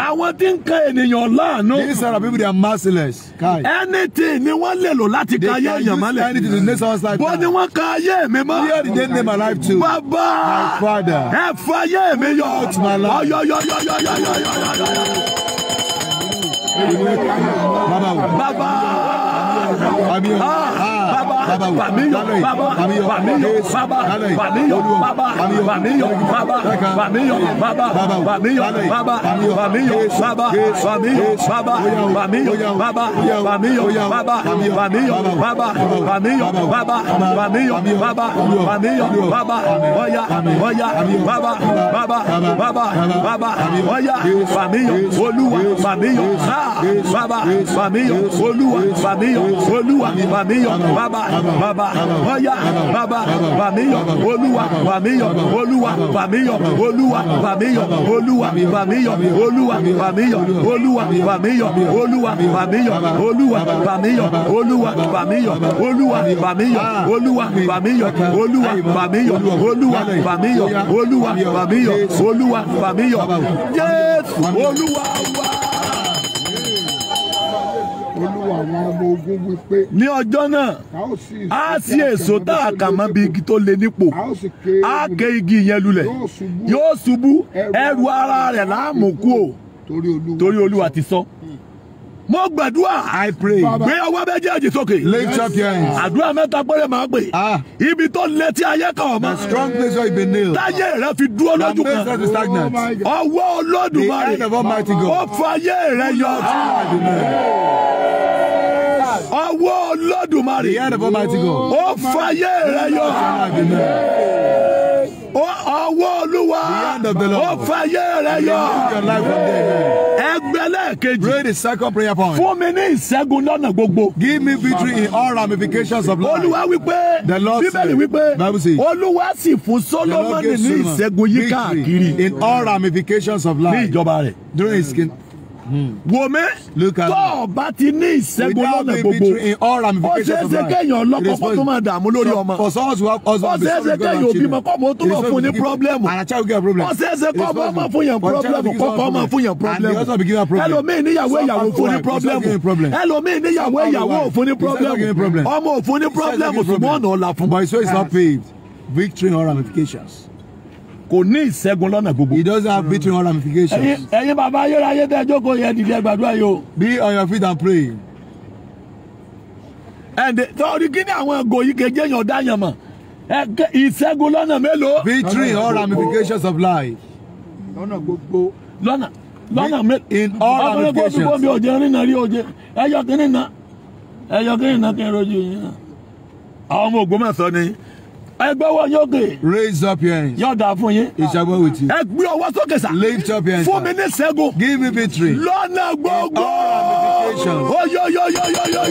àwọn tí ń kan ènìyàn láàánú. these are people they are merciless. kai anything ni wọ́n lè lò láti ka ayé èèyàn mọ́lẹ̀. they can use anything to make someone like that. bó ni wọ́n ka ayé mi mọ́. here they name my life too. bàbá my father. ẹ fọ ayé mi yọ. out my life. ọyọyọyọyọyọyọyọyọ. bàbá o. bàbá bàmíyọ bàbá bàmíyọ bàbá bàmíyọ bàbá bàmíyọ bàbá bàmíyọ bàbá bàmíyọ bàbá bàmíyọ bàbá bàmíyọ bàbá bàmíyọ bàbá bàmíyọ bàbá bàmíyọ bàbá bàmíyọ bàbá bàmíyọ bàbá bàmíyọ bàbá bàmíyọ bàbá ọya ọya bàbá bàbá bàbá bàbá ọya bàmíyọ olúwa bàmíyọ bàbá bàmíyọ olúwa bàmíyọ olúwa olúwa wà mí yọ bàbá bàbá ọ̀yà bàbá wà mí yọ olúwa wà mí yọ olúwa wà mí yọ olúwa wà mí yọ olúwa wà mí yọ olúwa wà mí yọ olúwa wà mí yọ olúwa wà mí yọ olúwa wà mí yọ olúwa wà mí yọ olúwa wà mí yọ olúwa wà mí yọ olúwa wà mí yọ olúwa wà mí yọ olúwa wà mí yọ olúwa wà mí yọ jésù olúwa wá ní ọjọ́ náà a sí èso tá a kà mọ́ bí igi tó le nípò a ké igi yẹn lulẹ̀ yóò ṣubú ẹrù ara rẹ̀ láàmú o torí olúwa ti sọ. Mo gbàdúrà. I pray. Gbé ọwọ́ méjèèjì sókè. Lift up your hands. Àdúrà mẹ́ta péré máa gbè. Ah. Ibi tó le tí ayé kan ọmọ. The strong place where you been nailed. Táyé rẹ fi dúró lójú kan. The place that is stagnant. Oh ọwọ́ Olódùmarè. The hand of Almighty God. Ó fayé rẹ yọ. Ah, amen ọwọ́ Olódùmarè ó fayé rẹ yọ ọwọ́ Olúwa ó fayé rẹ yọ ẹgbẹ́lẹ́ kejì pray the second prayer point fún mi ní ìṣẹ́gun lọ́nà gbogbo give me victory in all ramifications of life Olúwa wípé the Lord said Bíbélì wípé Olúwa sì fún Solomon ní ìṣẹ́gun yí káàkiri in all ramifications of life ní ìjọba rẹ̀ during his king. Hmm. wome tó o bá ti ní ìṣẹ́gun lọ́nà gbogbo ó ṣeéṣe kéèyàn lọ́kọ kó tó máa dààmú lórí ọmọ ó ṣeéṣe kéèyàn òbí mọ kọ́mọ ó tó mọ̀ fún ní pírọ́blẹ́mù ó ṣeéṣe kọ́mọ ó mọ̀ fún yàn pírọ́blẹ́mù kọ́kọ́ mọ̀ fún yàn pírọ́blẹ́mù ẹlòmíì níyàwó ìyàwó fún ní pírọ́blẹ́mù ẹlòmíì níyàwó ìyàwó ò fún ní pírọ́blẹ́mù ọmọ ò fún ní pírọ́blẹ́mù ṣùgbọ́n ọ̀nà ọ̀la fún. But so it's not victory or ramifications kò ní ìṣẹ́gun lọ́nà gbogbo. he doesn't have victory on ramifications. ẹ̀yin bàbá ayérayé tẹ́ jókòó yẹn dìde gbàdúrà yìí o. be on your feet and pray. And ẹ̀ǹdẹ̀ eh, torí kí ni àwọn ẹ̀gọ́ yìí kejì èèyàn dáyàn mọ̀ ìṣẹ́gun lọ́nà mélòó. victory all ramifications of life. lọ́nà gbogbo. lọ́nà lọ́nà mélòó. all ramifications. ọkùnrin kò tún bọ́ọ̀mì òjò rìnnà rí òjò ẹ̀yọ kìnnìkan ẹ̀yọ kìnnìkan kẹrọ ojú yìí náà. àwọn ọmọ Ògbómọ̀ṣọ́ ni ẹ gbé ọwọ́ yín raise up your hands. yóò dà fún yín. it's about with you. ẹ gbé ọwọ́ sókè sá. lift up your hands. fún mi ní ṣẹ́gun. give me victory. lọ́nà gbogbo. in all ramifications. oyoyoyoyoyoyoyoyo.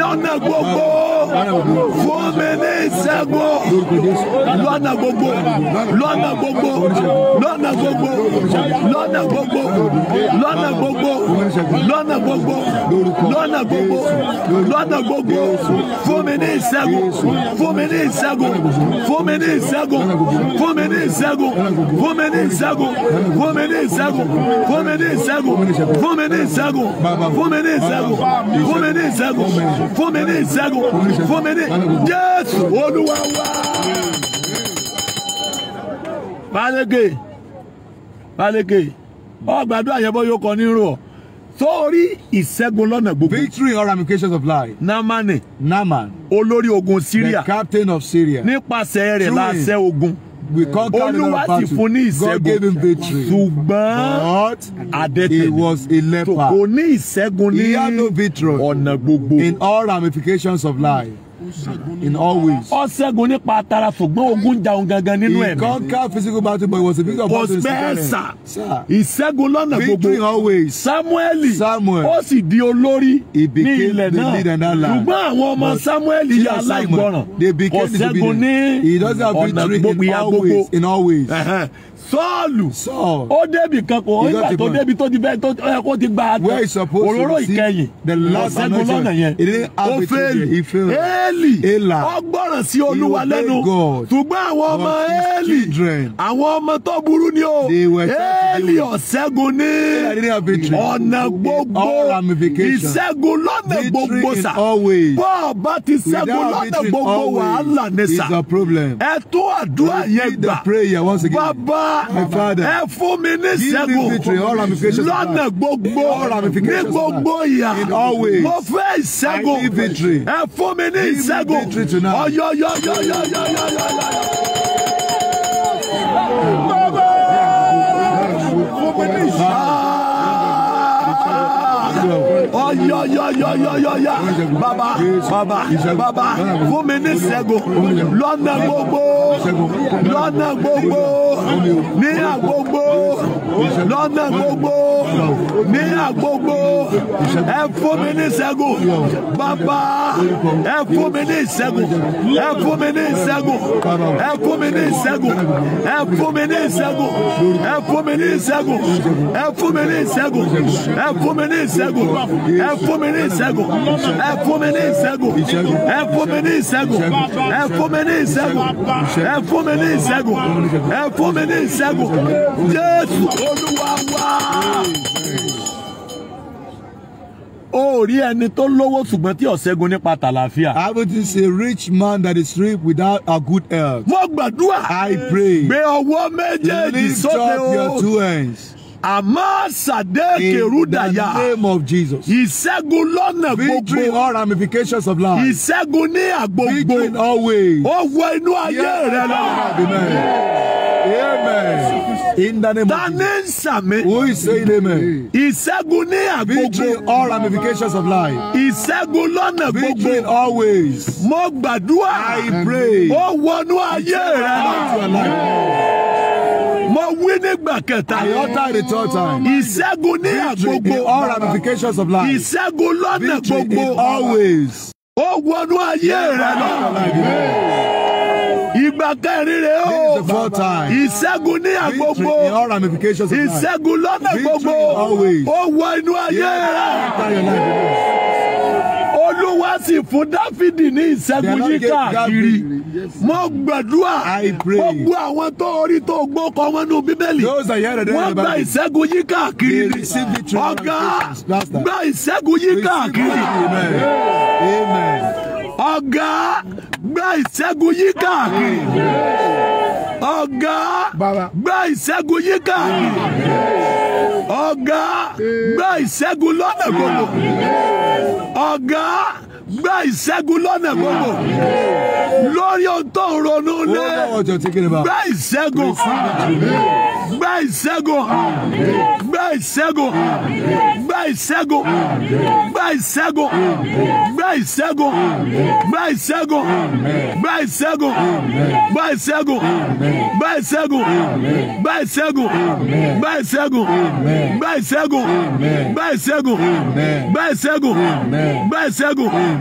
lọ́nà gbogbo fomene sago lọ́nà gbogbo lọ́nà gbogbo lọ́nà gbogbo lọ́nà gbogbo lọ́nà gbogbo lọ́nà gbogbo lọ́nà gbogbo lọ́nà gbogbo fomene sago fomene sago fomene sago fomene sago fomene sago fomene sago fomene sago fomene sago fomene sago fomene sago fomene sago fún mi Yes. Oluwa. Olúwa wa. Oh, balẹ̀gẹ̀ ọgbàdúrà yẹn bọ́ yóò kọ nírú ọ sórí ìṣẹ́gun lọ́nà gbogbo. victory or ramifications of life. Námánì. Námán. olórí ogun Syria. the captain of Syria. nípasẹ̀ rẹ̀ la ṣẹ́ ogun we conquered Olúwa sì fún ní ìṣẹ́gun ṣùgbọ́n àdẹ́tẹ̀ he was a leper so kò ní ìṣẹ́gun ní ọ̀nà gbogbo in all ramifications of life in all ways. ó ṣẹ́gun nípa tara ṣùgbọ́n ogun jà òun gangan nínú ẹ̀mí. he conquered physical battle but he was a victor of battle in spirit. kò sẹ́ẹ̀sà ìṣẹ́gun lọ́nà gbogbo victory always. samuel samuel ó sì di olórí ní ilẹ̀ náà ṣùgbọ́n àwọn ọmọ samuel yà aláìgbọràn kò ṣẹ́gun ní ọ̀nà gbogbo in all ways sọ́ọ̀lù ó débi kan kò ó ìgbà tó débi tó ti bẹ́ẹ̀ tó ẹ kó ti gba òróró ìkẹyìn ọ̀sẹ̀gun lọ́nà yẹn ó fẹ́ẹ̀lì éèlì ọgbọ́ràn sí olúwa lẹ́nu ṣùgbọ́n àwọn ọmọ éèlì àwọn ọmọ tó burú ni o éèlì ọ̀sẹ̀gun ní ọ̀nà gbogbo ìṣẹ́gun lọ́nà gbogbo sà bọ́ọ̀ bá ti ṣẹ́gun lọ́nà gbogbo wàhálà ní sà ẹ tó àdúrà yẹn gbà bàbá ẹ fún mi ní ṣẹ́gun lọ́nà gbogbo ní gbogbo ìyà mo fẹ́ ìṣẹ́gun ẹ fún mi ní ìṣẹ́gun ọ̀yọ̀yọ̀yọ̀yọ̀yọ̀yọ̀. Fún mi ní ìṣẹ́gun. Baba, Baba, Baba. yọ yọ yá bàbá bàbá bàbá fún mi ní ṣẹ́gun lọ́nà gbogbo lọ́nà gbogbo ní àgbogbo lọ́nà gbogbo ní àgbogbo ẹ fún mi ní ṣẹ́gun bàbá ẹ fún ní ṣẹ́gun ẹ fún ní ṣẹ́gun ẹ fún ní ṣẹ́gun ẹ fún ní ṣẹ́gun ẹ fún ní ṣẹ́gun ẹ fún ní ṣẹ́gun ẹ fún ní ṣẹ́gun ẹ fún mi ní ìṣẹ́gun ẹ fún mi ní ìṣẹ́gun ẹ fún mi ní ìṣẹ́gun ẹ fún mi ní ìṣẹ́gun rí ẹni tó lówó ṣùgbọ́n tí ò nípa tàlàfíà. Haven't seen a rich man that is rich without a good health. Mo gbàdúrà. I pray. Gbé ọwọ́ méjèèjì sókè o. Lift up your two hands. Amasade Kerudaya. In the name of Jesus. Ìṣẹ́gun lọ́nà gbogbo. Victory in all ramifications of life. Ìṣẹ́gun ní àgbogbo. Victory in all ways. Ó wọ inú ayé rẹ lọ. Amen. In the name of Jesus. Ta ń sàmì? Who is saying amen? Ìṣẹ́gun ní àgbogbo. Victory in all ramifications of life. Ìṣẹ́gun lọ́nà gbogbo. Victory in all ways. Mo gbàdúrà. I pray. Ó wọnú ayé rẹ lọ nígbà kẹta. I utter the third time. Ìṣẹ́gun ní àgbogbo. In all ramifications of life. Ìṣẹ́gun lọ́nà gbogbo. Always. Ó wọnú ayé rẹ lọ ìgbà kẹrin rẹ o ìṣẹ́gun ní àgbogbo ìṣẹ́gun lọ́nà gbogbo ó wọ inú ayé rẹ olúwa sì fún dáfídì ní ìṣẹ́gun yíká kiri mo gbàdúrà gbogbo àwọn tó orí tó gbó kọ wọn nù bíbélì wọn gba ìṣẹ́gun yíká kiri ọ̀gá gba ìṣẹ́gun yíká kiri ọ̀gá gba ìṣẹ́gun yíká kiri ọ̀gá gba ìṣẹ́gun yíká ọ̀gá gba ìṣẹ́gun lọ́nà gbogbo ọ̀gá gba ìṣẹ́gun lọ́nà gbogbo lórí ohun tó ń ronú lé gba ìṣẹ́gun gba ìṣẹ́gun gba ìṣẹ́gun gba ìṣẹ́gun gba ìṣẹ́gun gba ìṣẹ́gun gba ìṣẹ́gun gba ìṣẹ́gun gba ìṣẹ́gun gba ìṣẹ́gun gba ìṣẹ́gun gba ìṣẹ́gun gba ìṣẹ́gun gba ìṣẹ́gun gba ìṣẹ́gun gba ìṣẹ́gun.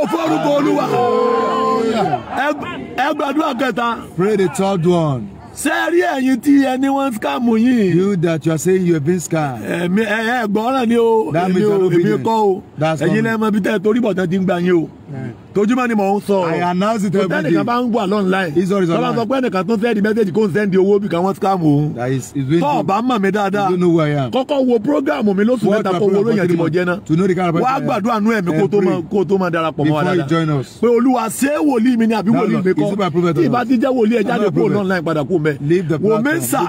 ògo fọ́rúkọ olúwa ẹ gbàdúrà kẹta. pray the third one. ṣé ẹ rí ẹ̀yin tí ẹni wọ́n scam yìí. you that you are saying you have been scam. ẹ̀mí ẹ̀gbọ́n náà ni o èmi kọ́ o ẹ̀yin lẹ́ẹ̀mọ́ bí tẹ́ torí bọ̀tán ti ń gbà yín o tojúmọ́ ni mò ń sọ. I announce it every day. kòtẹ́nìkan bá ń wà lọ́nláì. ìsọ ìsọ náà. tọ́ba sọ pé ẹnìkan tó sẹ́ndì mẹ́sẹ̀jì kó ń the owó bí káwọn scam òun. tọ́ ọba mọ̀ mi dáadáa. you don't know who I am. kọ́kọ́ wo prógáàmù mi lóṣù mẹ́ta kó wo olóyìn àti mọ̀jẹ́ náà. to know the kind of person I am. wàá gbàdúrà nú ẹ̀mí kó tó máa kó tó máa darapọ̀ mọ́ wa dáadáa. before you join us. pé olúwa ṣé wòlíì mi ni àbí wòlíì mi kọ́. tí ìbá ti jẹ́ wòlíì ẹ jáde kó lọ́nláì padà kú mẹ́. wò mí sà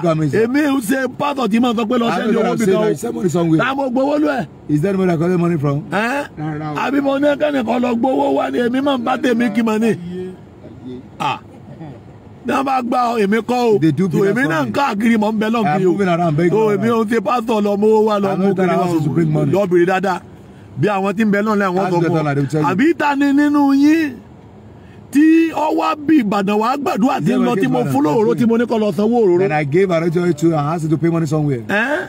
èmi ń ṣe pásọ̀ tí máa sọ pé lọ sẹ́ndì owó bí kan o. tá a mọ̀ gbowó lú ẹ̀. is that where I got the money from? àbí mo ní kẹ́nìkan lọ gbowó wá ní èmi èmi máa ń bá tèmi kí màá ní náà bá gba èmi kọ́ o tó èmi náà ń káàkiri mọ̀ ń bẹ lọ́nkiri o tó èmi ò ń ṣe pásítọ̀ lọ mówó wá lọ mú kiri wá lọ́bìrì dáadáa bí àwọn tí ń bẹ lọ́nà àwọn sọ àbí ta ni nínú yín tí ọ wá bí Ìbàdàn wàá gbàdúrà tí ń lọ tí mo fún lóòró tí mo ní kọ́ lọ sanwó òróró. and I gave arrangement to and house to pay money somewhere. Eh?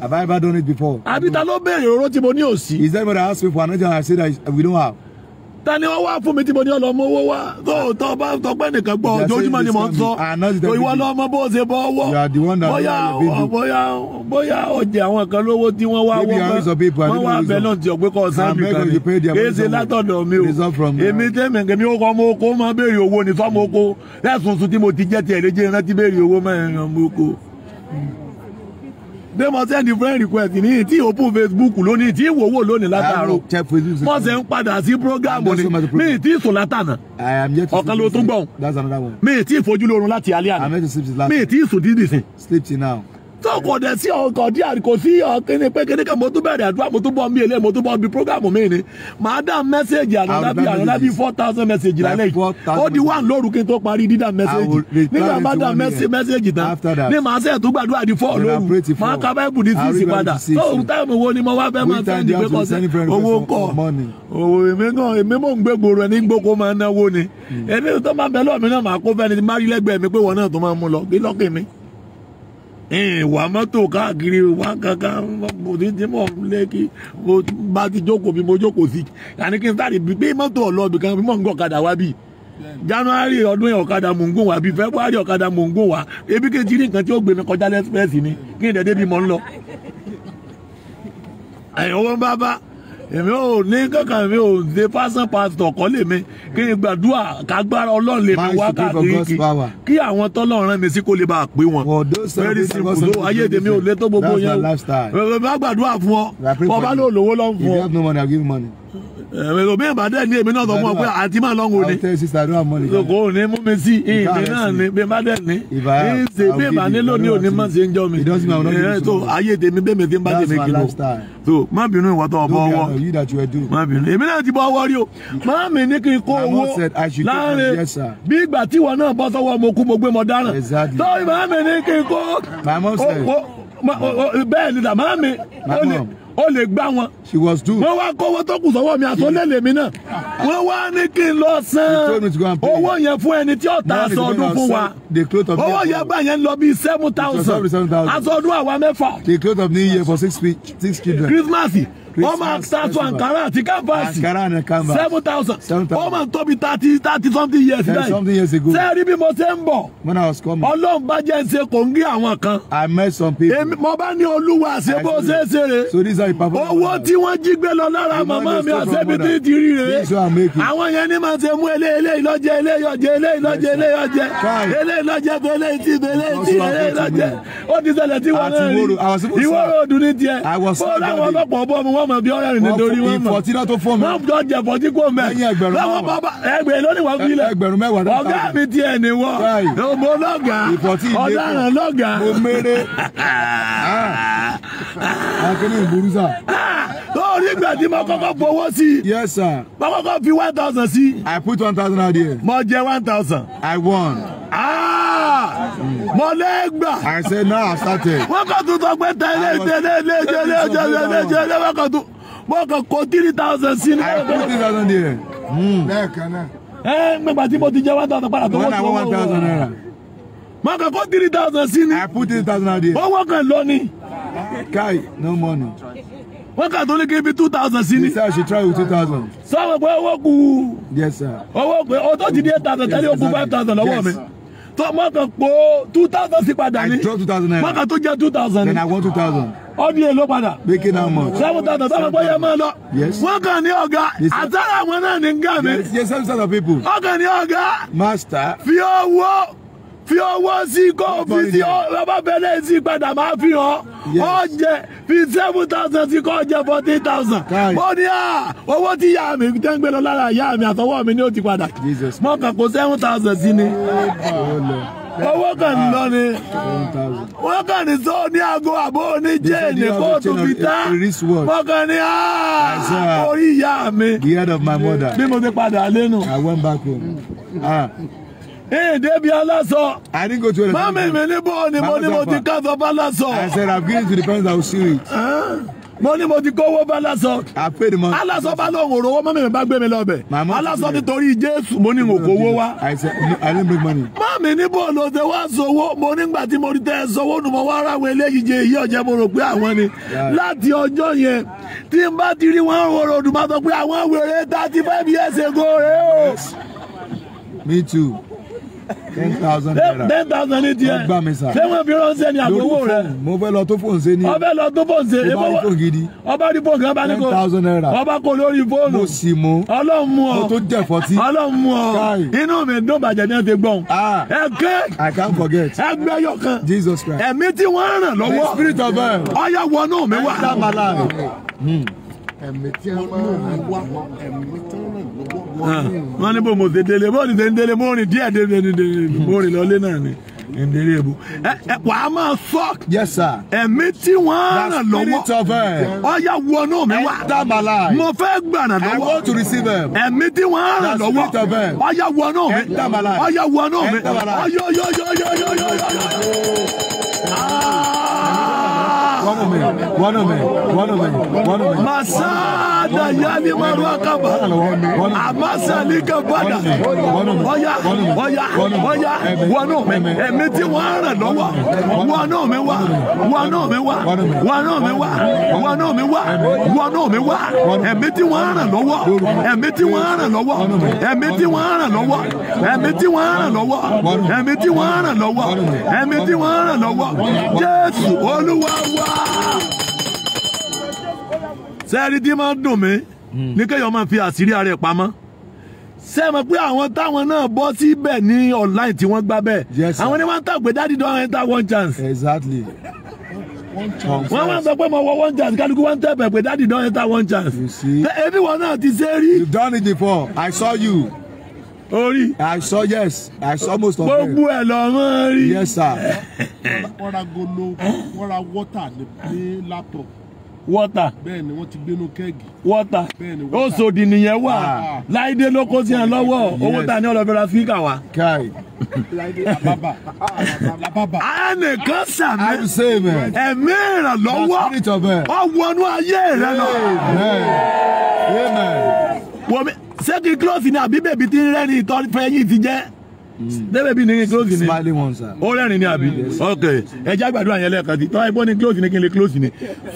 Have I ever done it before? àbí ta ló béèrè òróró tí mo ní òsì. Is that what I for arrangement and I said that we don't have ta ni wọn wá fún mi tí mo ní ọlọmọ owó wá tó tó bá tọpẹ nìkan gbọ́ ojoojúmọ́ ni mo ń sọ ah, ìwọ lọmọ bó ṣe bọ ọwọ́ bóyá bóyá bóyá ọjà àwọn kan lówó tí wọn wá wọ wọn wá bẹ náà ti ọgbẹ kọ sáàmì kan ni kéèsì látọ̀dọ̀ mi o uh, èmi tẹmẹ kẹmi ó kọ ọmọ oko ó máa béèrè owó ní sọmọ oko lẹsùn sùn tí mo ti jẹ tiẹ lè jẹ ìrántí béèrè owó máa ń ràn mọ oko bí mo send the friend request ní tí open facebook lónìí tí ìwòwò lónìí látàárọ̀ mo sì ń padà sí programu ni mi tí sùn látànà ọ̀kan ló tún gbọ̀n mi tí ìfojú lóorun láti alẹ́ àná mi tí sùn dídì sí tó kò dẹ̀ sí ọkọ̀ díẹ̀ kò sí ọkìnrin uh, pé kíní kan mo tún bẹ̀rẹ̀ àdúrà mo tún bọ̀ mí eléyìí mo tún bọ̀ bí programu mi ni màá dá mẹ́sẹ̀gì ànánábì ànánábì four thousand mẹ́sẹ̀gì lálẹ́ yìí ó di one lóru kí n tó parí dídá mẹ́sẹ̀gì nígbà bá dá mẹ́sẹ̀gì tán ní màá sẹ́ẹ̀ tó gbàdúrà di four lóru màá ka báyìí di six padà tó táìmù wo ni mo wá fẹ́ máa sẹ́ndì pé kọ́ owó kọ́ owó èmi náà èmi mò ń gbé gbòòrò ẹni gboko máa náwó ni hmm. èmi tó máa bẹ lọ́ọ̀mí náà màá kó fẹ́ni márílẹ́gbẹ̀ẹ́ mi pé wọn náà tó máa mú lọ kí lọ́kì mi ìwà eh, mọ́tò káàkiri wà kankan mo ti ti mọ̀ lẹ́kì mo bá ti jókòó bí mo jókòó sí àní kí n sáré gbé mọ́tò ọ̀lọ́ọ̀bì kan bí mò ń gbọ́ ọ̀kadà wá bì january ọdún yẹn ọ̀kadà mò ń gùn wá bí february ọ̀kadà mò ń gùn wá ebi kejì ní nǹkan tí ó gbé mi kọjá lẹ́sìpẹ́sì ni kí n dẹ̀ débi mò ń lọ. ẹ̀yin owó ń bá bá èmi ò ní kankan mi ò dé pásán pásítọ̀ kọ́ lè mi kí n gbàdúrà kágbára ọlọ́run lè mi wá káàkiri kí kí àwọn tọ́lọ́run mi sí kó lè bá pé wọn very simple tó ayéde ò lé tó gbogbo yẹn o bá gbàdúrà fún ọ bọ́ bá lówó lọ́n fún ọ ẹ̀rọ mi bá dẹ̀ ní èmi náà sọ fún ọ pé àti máa lọ́n wo ni kò ní mú mi sí èmi náà ni bí bá dẹ̀ ní ṣe bí bá ní lónìí òní má ṣe ń jọ mi so ayé tèmi bẹ́ẹ̀ mi ti ń bá tèmi kìlọ̀ so má bínú ìwọ tó ọbọ ọwọ́ má bínú èmi náà ti bọ ọwọ́ rí o má mi ní kí n kó owó láàrin bí ìgbà tí ìwọ náà bọ́ sọ́wọ́ mo kú mo gbé mo dáràn tó má mi ní kí n kó owó bẹ́ẹ̀ ni dà má mi ó lè gbá wọn. she was due. wọ́n wá kówó tó kù sọ́wọ́ mi àtọ́lẹ́lẹ̀ mi náà. wọ́n wá ní kí n lọ san owó yẹn fún ẹni tí ó ta aṣọ ọdún fún wa. owó yẹn bá yẹn lọ bíi seven thousand aṣọ ọdún àwa mẹ́fà. the cloth of new year for six, six children. christmas ọmọ àtàtù àǹkárá àti káfáàsì seven thousand ọmọ tóbi thirty thirty something years ago Thirty years ago. sẹ́ẹ̀rí bí mo ṣe ń bọ̀ ọlọ́run bá jẹ́ ṣe kò ń gé àwọn kan mo bá ní olúwa ṣe bó ṣe é ṣeré owó tí wọ́n jí gbé lọ lára màmá mi àṣẹbi tí ti rí rèé àwọn yẹn ní màá ṣe mú eléyìí lọ́jẹ́ eléyìí lọ́jẹ́ eléyìí lọ́jẹ́ eléyìí lọ́jẹ́ eléyìí lọ́jẹ́ eléyìí tí eléyìí tí eléyìí lọ́jẹ́ ó ti ṣẹlẹ̀ tí wọ́n náà rí ìwọ́rọ̀ ọdún ní tiẹ̀ fún ọlọ́wọ́ ọlọ́pàá ọ̀bọ̀ mu w wọ́n bí ọ̀rẹ́ rìn nítorí wọ́n mọ̀ ìfọ̀tí náà tó fọ́ mi. wọ́n jọ jẹ fọ́tí kó mẹ́. ẹyin ẹgbẹ̀rún mẹ́wàá lọ́wọ́ lónìí wọ́n fi lẹ̀. ẹgbẹ̀rún mẹ́wàá lọ́wọ́ ọ̀gá mi ti ẹ̀ ní wọ́n. ọmọ lọ́gà ọ̀daràn lọ́gà. mo mèrè. Ah. akínní ìburúsà. lórí ah. ìgbà tí mo kọ́kọ́ fowó sí i. yes sir. mo kọ́kọ́ fi one thousand sí i. I put one thousand out there. mo jẹ one thousand. I won. ah mọlẹ́gbà. I say now I started. wọ́n kàn tún sọ pé tẹ́lẹ̀ tẹ́lẹ̀ tẹ́lẹ̀ tẹ́lẹ̀ tẹ́lẹ̀ tẹ́lẹ̀ tún wọ́n kó three thousand sí I put three thousand there. lẹ́ẹ̀kan náà. ẹ gbẹgbà tí mo ti jẹ one thousand padà tó wọ́n ti wọ́n one thousand naira. wọ́n kó three thousand sí I put three thousand there. wọ́n wọ́n kàn kai no money. wọ́n tó ní kí n fi two thousand sí ní. this time she try with two thousand. sọ wọ́n pé owó kù. yes sir. owó pé o tó ti di eight thousand tẹ́lẹ̀ o kù five thousand lọ́wọ́ mi. yes sir tọ́ kan po two thousand sí padà ní. I drop two thousand naira. mọ́ tó jẹ́ two thousand. Then I want two thousand. ọdún èlò padà. make it how seven thousand sábà bóyá máa lọ. yes. wọ́n kàn ní ọ̀gá. àtàrà àwọn náà ní ń gà mí. yes yes seven thousand people. ọkàn ní ọ̀gá. master. fi owó fi owó sí kó fi sí ọba bẹ̀rẹ̀ sí padà máa fi hàn ọjẹ fi seven thousand sí kó jẹ fourteen thousand mo ní à owó tí ìyá mi tẹ́ ń gbé lọ lára ìyá mi àtọwọ́ mi ni ó ti padà mo kàn kó seven thousand sí ni owó kàn ní lọ ni wọ́n kàn ní sọ ní aago àbó ní jẹ́ẹ̀nì kóòtù fi tá wọ́n kàn ní orí ìyá mi bí mo ti padà lẹ́nu. I went back home. Ah. Hey, Èdè bí aláṣọ. I didn't go to any. Mami mi ní bọ́ọ̀ ni mo ní mo ti káṣọ bá I said I'm giving to the parents that will see it. Mo ní mo ti kówó bá aláṣọ. I paid the money. Aláṣọ bá lọ òwòrò owó mami mi bá gbé mi lọ bẹ̀. Aláṣọ nítorí Jésù mo ní òkòwò wa. I said I didn't bring money. Mami ní bọ́ọ̀ ló ṣe wá sọ́wọ́ mo nígbà tí mo rí tẹ́ ẹ sọ́wọ́ nù mo wá ara àwọn eléyìí jẹ èyí ọ̀jẹ̀ mo rò pé àwọn ni. Láti ọjọ́ yẹn tí n bá ti rí wọn rò rò dùn máa sọ pé àwọn wèrè thirty five years ago rè o. Me too ten thousand naira ten thousand ní tiẹ̀ gbà mí sà fẹ́wọ̀n fi ránṣẹ́ ní àgbowó rẹ̀ mo fẹ́ lọ tó fóònù ṣe ni ọbẹ̀ lọ tó fóònù ṣe ọba rí fóònù gidi ọba rí fóònù kan bá ní ko ten thousand naira ọba kò lórí fóònù mo sì mú ọlọ́run mú ọ mo tó jẹ fọtí ọlọ́run mú ọ inú mi dùn bàjẹ́ ní ẹ̀fẹ̀ gbọ́n ah. ẹ kẹ́ I can't forget ẹgbẹ́ yọ kan Jesus Christ ẹ̀mí tí wọ́n ràn lọ́wọ́ ọyá wọnú mi wà hmm. ẹ̀mí tí wọ́n ràn lọ́wọ́ ẹ̀mí tí wọ́n ní bò mo ṣe délé bó ní ṣe ń délé mo rìn díẹ̀ délé mo rìn lọ́lé náà ni ndèrè èbú wà á máa sọ ẹ̀mí tí wọ́n ràn lọ́wọ́ ọ̀yà wọnú mi wá mo fẹ́ gbàrà lọ́wọ́ ẹ̀mí tí wọ́n ràn lọ́wọ́ ọ̀yà wọnú mi ọ̀yà wọnú mi ọ̀yọ̀ yọ̀ yọ̀ yọ̀ yọ̀ yọ̀ yọ̀. One of moment, one of moment, one of moment, one of moment. Masada yani maruakaba. Amasa lika bada. Oya, oya, oya. Wano me, èmi tí wọ́n ràn lọ́wọ́. Wano me wa, wano me wa, wano me wa, wano me wa, wano me wa. Èmi tí wọ́n ràn lọ́wọ́. Èmi tí wana ràn lọ́wọ́. Èmi tí wọ́n ràn lọ́wọ́. Èmi tí wọ́n ràn lọ́wọ́. Èmi tí wọ́n ràn lọ́wọ́. Èmi tí wọ́n ràn wa sẹ́ẹ̀rí tí máa ń dùn mí hmm. ní kéèyàn máa fi àṣírí ara ẹ̀ pamọ́ ṣe mọ̀ pé àwọn táwọn náà bọ́ síbẹ̀ ní online tí wọ́n gbá bẹ́ẹ̀ àwọn ni wọ́n ń tàgbé dáàdì don enter one chance. exactly. wọ́n wá ń sọ pé mo wọ one chance kálukú wọ́n ń tẹ̀bẹ̀ pé dáàdì don enter one chance. you see. ebi wọn náà ti ṣe rí. you done it before I saw you orí. I saw yes I saw most of them. gbogbo ẹ lọ mọ rí. yes sir. wọ́n golo wọ́n ra water ní laptop. water. bẹ́ẹ̀ ni wọ́n ti gbénu kẹ́ẹ̀gì. water. bẹ́ẹ̀ ni water. Òṣòdì nìyẹn wà. Ah. láìdé ló kó sí ẹ lọ́wọ́ owó ta ni ọlọ́fẹ́ra fi kà wá. káì. láìdé lababa lababa. a nìkan sàmì ẹ̀mí ìrànlọ́wọ́ ọ̀wọ́nú ayé rẹ lọ. amen. amen. wọ́n mi ṣé kí close ni àbí bèbí tí ń rẹ́rìn ìtọ́ fẹ́yìn ti jẹ́ débè bí ni kí close ni ó rẹ́rìn ni àbí ok ẹ jẹ́ àgbàdo àyẹ̀lẹ̀ kan ti tọ́ ẹ bọ́ ni close ni close ni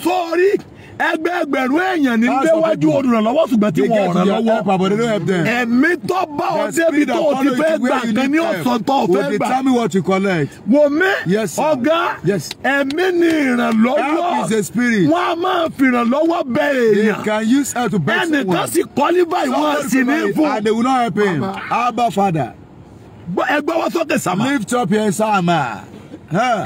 sórí. So, ẹgbẹ́ ẹgbẹ̀rún èèyàn ní déwájú olùrànlọ́wọ́ ṣùgbọ́n tí wọ́n ràn lọ́wọ́ ẹ̀mí tó bá ọ débi tó o ti fẹ́ gbà kan ní ọ̀sán tó o fẹ́ gbà wò mí ọ̀gá ẹ̀mí ni ìrànlọ́wọ́ wọ́n a máa fi ìrànlọ́wọ́ bẹ èèyàn ẹnìkan sì kọ́lí báyìí wọ́n sì ní fún. ẹgbẹ́ wọ́n sókè sàmà. lift up your sàmà. Huh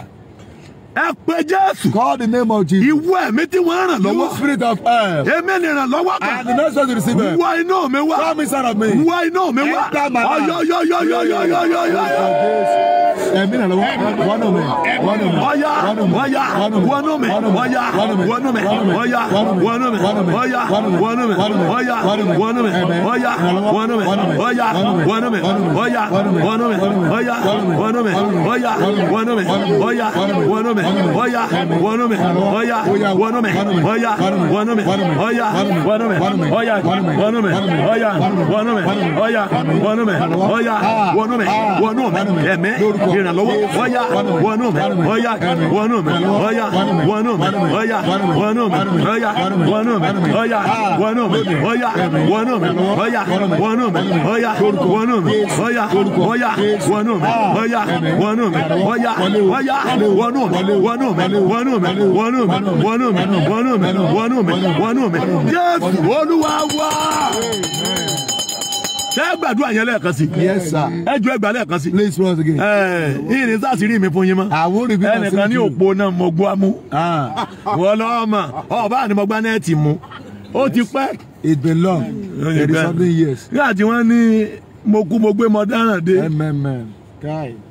ẹ pe jésù. call the name of jesus. ìwọ ẹ̀mí tí wọ́n ràn lọ́wọ́. you spirit of air. èmi ni ràn lọ́wọ́ kan. and the next one to receive it. wọ inú mi wá. come inside of me. wọ inú mi wá. enter my life. ọyọyọyọyọyọyọyọ. ẹ̀mí ràn lọ́wọ́ wọnú mi wọnú mi. ọya ọya wọnú mi ọya wọnú mi ọya wọnú mi ọya wọnú mi ọya wọnú mi ọya wọnú mi ọya wọnú mi ọya wọnú mi ọya wọnú mi ọya wọnú mi ọya wọnú mi oya wọnú mi oya wọnú mi oya wọnú mi oya wọnú mi oya wọnú mi oya wọnú mi oya wọnú mi oya wọnú mi wọnú mi ẹ̀mí ìrànlọ́wọ́ oya wọnú mi oya wọnú mi oya wọnú mi oya wọnú mi oya wọnú mi oya wọnú mi oya wọnú mi oya wọnú mi oya wọnú mi oya oya wọnú mi oya wọnú mi oya wọnú mi one, mi one, mi one, mi one, mi one, mi one, mi one, mi one, olúwa one, ṣé one, yẹn one, sí. one, sir. one, ju one, lẹ́ẹ̀kan one, please one, again. one, irin one, rí one, fún one, mọ́. one, rìbí one, sí one, ẹnìkan one, òpó one, mo one, mú. one, ah. lọ́ọ́ one, ọba one, mo one, nẹ́ẹ̀tì one, ó one, pẹ́. it's been long thirty something years. nígbà tí wọ́n ní mo kú mo gbé mo dáràn dé. amen amen.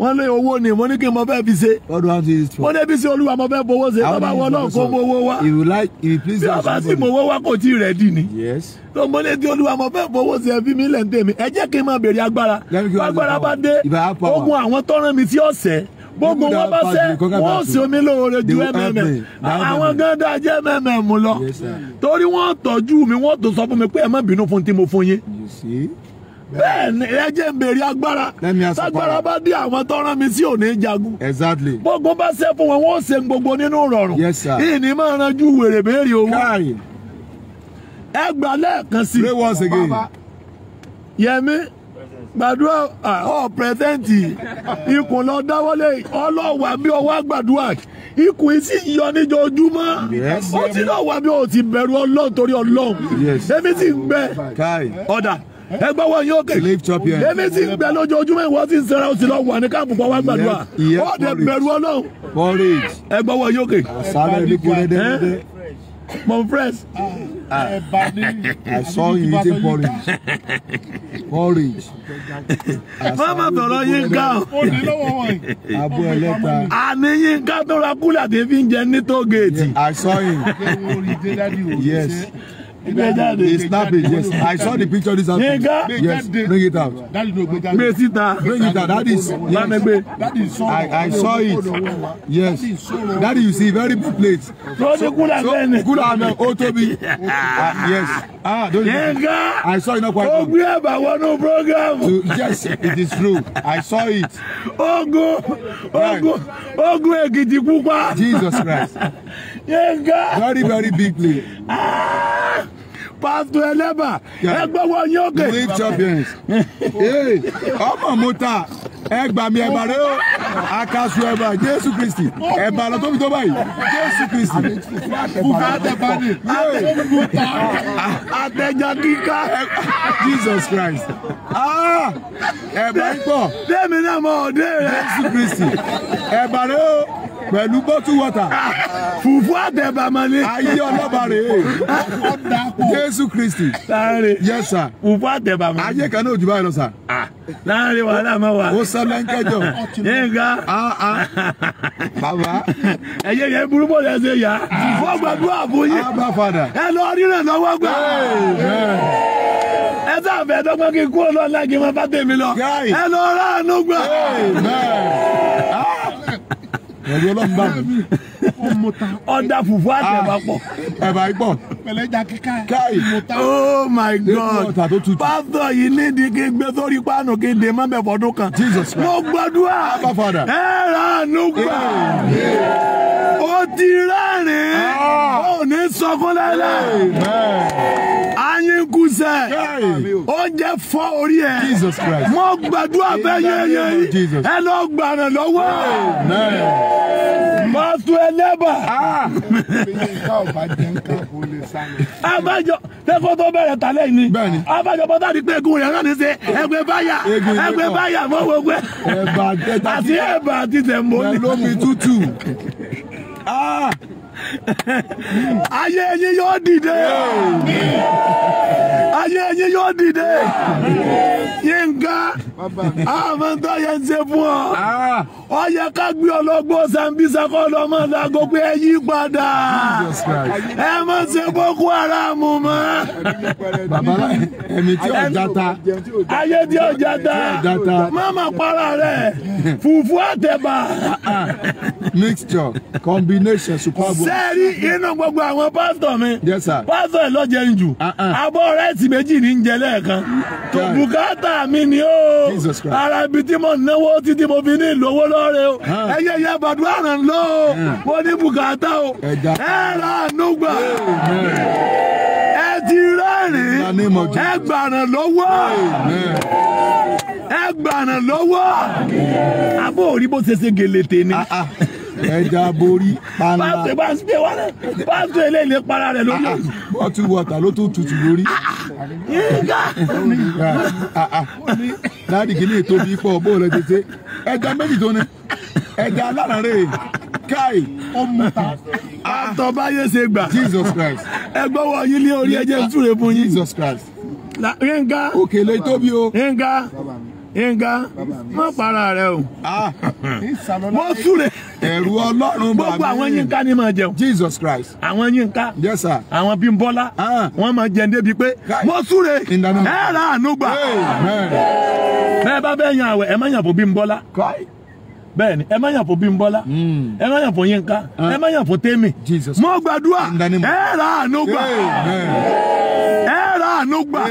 wọ́n lé owó ni mo ní kí n mo fẹ́ fi ṣe. what do I want to use it for. mo ní bí sí olúwa mo fẹ́ bowó ṣe bàbá wọn náà kó bowó wa. if you like if you please ask somebody. bí a bá sì mowó wa kò tí ì rẹ̀ dì ni. yes. tó mo ní tí olúwa mo fẹ́ bowó ṣe fi mí lẹ̀ ń tèmi ẹ jẹ́ kí n máa béèrè agbára. agbára bá dé ogun àwọn tọ́ràn mi tí ọ̀sẹ̀ gbogbo wọn bá sẹ wọn sì omi lóore ju mmm àwọn gánda jẹ mmm lọ torí wọn tọ́jú mi wọn tó sọ fún mi pé ẹ má bínú fún tí mo fún yín. bẹ́ẹ̀ ni ẹ jẹ́ ń bèrè agbára tágbára bá dé àwọn mi sí òní jagun gbogbo bá ṣe fún wọn wọn ṣe gbogbo nínú rọrùn ìní máa ranjú wèrè béèrè owó ẹ gbà lẹ́ẹ̀kan sí yẹmi gbàdúrà ọ pẹrẹsẹǹtì ikùn lọ dáwọlé ọlọ́wà bí ọwọ́ gbàdúrà ikùn sì yọ níjọjúmọ́ ó ti lọ́wà bí ó ti bẹ̀rù ọlọ́run torí ọlọ́run èmi sì ẹ gbọ́wọ́ yín òkè èmi sì ń gbẹ lójoojúmọ́ ìwọ sì ń sẹ́ra ó sì lọ wà ní káàpù kan wá gbàdúrà ó dẹ̀ bẹ̀rù ọlọ́run ẹ gbọ́wọ́ yín òkè. Mon friends. Uh, I saw you eating porridge. Porridge. Mama tọ̀rọ̀ Yínká o. Abo ẹlẹ́ta. Àní Yínká tó ra kúlà tí fi ń jẹ ní tóògèètì. I saw him. Yes. They snap it. Yes, I saw the picture this afternoon. Yes, bring it out. Bring it out. Bring it out. That is. That is. I, I saw it. Yes. That you see very big plate. So, so good amen. O Tobi. Ah, yes. Ah, don't I saw it not quite. Oh, we have a one program. So, yes, it is true. I saw it. Oh Ogo, Ogo, Ogo, Egidi Pupa. Jesus Christ. Yinka. Very, very big play. Ah! Pastor Eleba, ẹgbẹ́ wọ ní òkè. League champions. Ọmọ Mota, ẹ gbà mí ẹ̀bà rẹ o, akasu ẹ̀bà Jésù Kristi, ẹ̀bà lọ tóbi tó báyìí, Jésù Kristi. Fúkàtẹ̀bánì, àtẹ̀múta, àtẹ̀jà kíkà. Jesus Christ. Ah, ẹ̀bà ń pọ̀. Dẹ́mi náà mọ òde rẹ̀. Jésù Kristi, ẹ̀bà rẹ o pẹ̀lú bọ́tú wọ́tà. fùfú àtẹ̀bà máa ní. ayé ọlọ́ba rèé jésù kristi. láàrin yes sir. fùfú àtẹ̀bà máa ní. ayé kan náà ò jù báyìí lọ sà. Ah, láàrin wàhálà máa wà. ó sọ lẹ́ńkẹ́jọ. yínká. Ah, ah. bàbá. ẹ̀yẹ yẹn burú bò lẹ́sẹ̀ yá. fùfú àgbàdua fún abba fada. ẹ lọ rí lọ́wọ́ gbà ẹ tá fẹ́ dọ́gbọ́n kí n kúrò lọ́la kí bá tèmi lọ ẹ lọ rà ánú gbà. l'homme mbangu ben ben. ọ̀dà fùfú àtẹ̀bà pọ̀. Ah, ẹ̀bà pọ̀. pẹ̀lẹ́jà kíkà ìmọ̀ta. oh my god pásítọ̀ yìí nídìí kí gbé sórí páànù kí dè má bẹ̀ fọdún kan. mo gbàdúrà ẹ ra àánú gbà. o ti rẹ́rìn-ín ah. o ní sọkún lẹ́lẹ́ ayínkúsẹ oúnjẹ fọ́ orí ẹ mọ gbàdúrà bẹ yẹyẹ ẹ lọ gbàrà lọ́wọ́ mọ tó ẹ never. Ah. abájọ lẹ́kọ̀ọ́ tó bẹ̀rẹ̀ tálẹ̀ yìí ni abájọ bọ́tà ni pé egun rẹ̀ rán ní sẹ́ ẹgbẹ́ báyà ẹgbẹ́ báyà fún gbogbo ẹ̀ àti ẹ̀bà àti tẹ̀mọ́ ni. lómi tútù ah. ayé ẹyin yóò dìde ayé ẹyin yóò dìde Yínká àmọ́ tó yẹ ń ṣe fún ọ. Ah ó ká gbé ọlọ́gbọ́n Sambisa kọ́ lọ́mọ dago pé ẹ yí padà ẹ má ṣe Boko Haram mọ́. bàbá ẹni tí ò jata. ayé tí ò jata mama para rẹ fufu àtẹ̀bà. mixture combination superbo. sẹ́ẹ̀rí inú gbogbo àwọn pásítọ̀ mi pásítọ̀ ẹ̀ lọ́jẹ̀ ń jù uh-uh. abọ́ rẹ́ẹ̀sì méjì ní ń jẹ lẹ́ẹ̀kan tó bùkátà mi ni ó ara tí mo náwó títí mo fi ní ìlówó lọ lóore o ẹyẹ ah. yẹ gbàdúrà ràn lọ o ah. mo ní bùkátà o ẹ ra ànúgbà ẹ ti rẹ́rìn ẹ gbàràn lọ́wọ́ ẹ gbàràn lọ́wọ́ abó bó ṣe ṣe gèlè tè ni. Ah, ẹja borí panla. pásítọ̀ bá ń sè wá náà pásítọ̀ eléyìí lè para rẹ̀ lórí. Ah, ah. bọ́tù wọ̀tà ló tún tutù lórí. láàdì kìíní tóbi pọ̀ bó lọ tètè ẹja méjì tó ní ẹja alárànrè káì ọmọta. àtọ̀báyé ṣe gbà. Jesus Christ. ẹ gbọ́wọ́ yín lé orí ẹjẹ́ ń túre fún yín. Jesus Christ. Yínká. òkèlè tóbi o. Yínká yínká mọ para rẹ o ah, mọ súre ẹrù Ọlọ́run bàmí gbogbo àwọn yínká ni máa jẹun Jesus Christ àwọn yínká yes sir àwọn Bímbọ́lá ah. wọn máa jẹun débi pé mọ súre ẹ rà ànúgbà bẹ́ẹ̀ bá bẹ yan àwẹ̀ ẹ má yàn fún Bímbọ́lá. bẹ́ẹ̀ni ẹ má yàn fún Bímbọ́lá hmm. ẹ má yàn fún ah. ẹ má yàn fún mọ gbàdúrà ẹ gbà ẹ gbà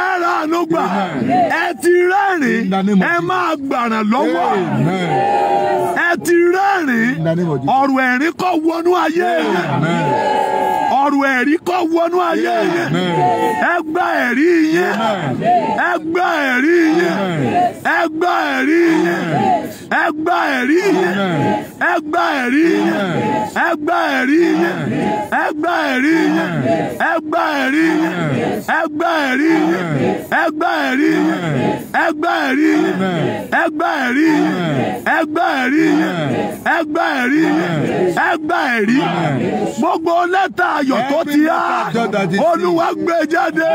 ẹ gbà ẹ ti rẹ́rìn ẹ máa gbàrà lọ́wọ́ ẹ ti rẹ́rìn ọ̀rọ̀ ẹ̀rín kọ́ wọnú ayé ọ̀rọ̀ ẹ̀rí kó wọnú ayé yẹn ẹ gba ẹ̀rí yẹn ẹ gba ẹ̀rí yẹn ẹ gba ẹ̀rí yẹn ẹ gba ẹ̀rí yẹn ẹ gba ẹ̀rí yẹn ẹ gba ẹ̀rí yẹn ẹ gba ẹ̀rí yẹn ẹ gba ẹ̀rí yẹn ẹ gba ẹ̀rí yẹn ẹ gba ẹ̀rí yẹn ẹ gba ẹ̀rí yẹn ẹ gba ẹ̀rí yẹn ẹ gba ẹ̀rí yẹn ẹ gba ẹ̀rí yẹn ẹ gba ẹ̀rí gbogbo lẹ́tà ayọ̀ ayọ̀ tó ti há olúwa gbé jáde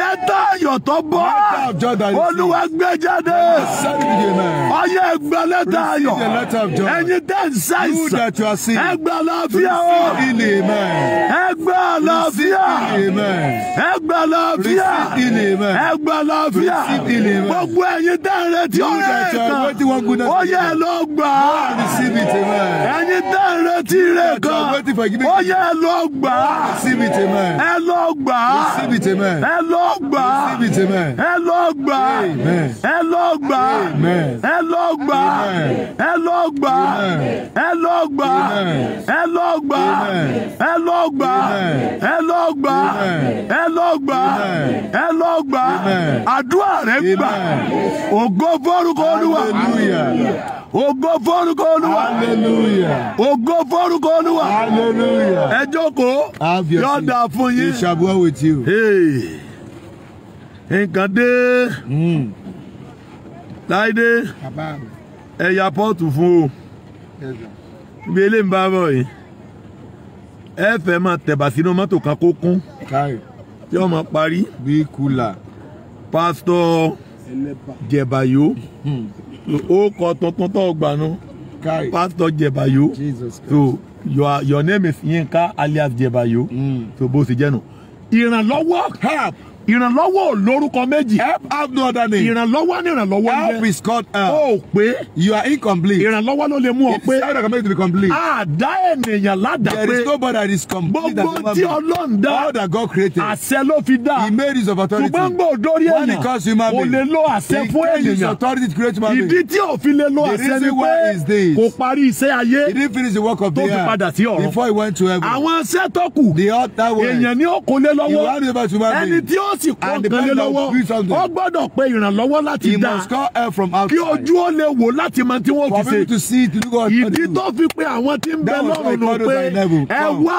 lẹ́tà ayọ̀ tó bọ́ olúwa gbé jáde ọyẹ ẹ gba lẹ́tà ayọ̀ ẹ̀yin tẹ́ ń ṣàìsàn ẹ gba àlàáfíà o ẹ gba àlàáfíà ẹ gba àlàáfíà ẹ gba àlàáfíà gbogbo ẹ̀yin tẹ́ ń retí ọ̀rẹ́ kan ó yẹ lọ gbà á ẹ̀yin tẹ́ ń retí rẹ̀ kan ó yẹ lọ gbà á ẹ lọ gbà á ẹ lọ gbà á ẹ lọ gbà á ẹ lọ gbà á ẹ lọ gbà á gbà ẹ lọ gbà ẹ lọ gbà ẹ lọ gbà ẹ lọ gbà ẹ lọ gbà ẹ lọ gbà ẹ lọ gbà àdúrà rẹ gbà ògo fórúkọ Olúwa ògo fórúkọ Olúwa ògo fórúkọ Olúwa ẹ jókòó yọ̀ǹda fún yín. nǹkan dé. Hmm láìdé ẹ̀yà pọ́ọ̀tù fún o ibi ilé ń bá bọ̀ yìí ẹ fẹ́ máa tẹ̀bà sínú mọ́tò kan kó kún tí wọ́n máa parí. pásítọ̀ jẹ̀bàyó ó hmm. kọ tuntun tó gbanú pásítọ̀ jẹ̀bàyó so your your name is Yinka alias jẹ̀bàyó hmm. so bó ṣe jẹ́ nu ìrànlọ́wọ́ help ìrànlọ́wọ́ ò lórúkọ méjì. help have no other name. ìrànlọ́wọ́ ni ìrànlọ́wọ́ yẹn. help is called help. Uh, o pé. you are incomplete. ìrànlọ́wọ́ ló lè mú ọ pé. it's hard to make to be complete. a dá ènìyàn ládàá pé. there is nobody that is complete that ever been. gbogbo tí Ọlọ́run dá. all that God created. àṣẹ ló fi dá. he made his authority. ṣùgbọ́n gbọ́ dórí èèyàn. when he calls human being. o lè lo àṣẹ fún ènìyàn. he gave his authority to create human being. ìdí tí òfin lè lo àṣẹ ni pé kò parí iṣẹ́ ayé. he didn't finish the work of the earth. tó fi padà sí ọ̀run. before he went to heaven. àwọn iṣẹ́ tó kù. the other way. èèyàn ni ó kò lé lọ́wọ́. he wanted to be human being. ẹni tí ó sì kó nǹkan lé lọ́wọ́ ó gbọ́dọ̀ pe ìrànlọ́wọ́ láti dá kí ojú ó lè wò láti mọ tí wọ́n fi ṣe ìdí tó fi pe àwọn tí ń bẹ lọ́rùn nù pé ẹ wá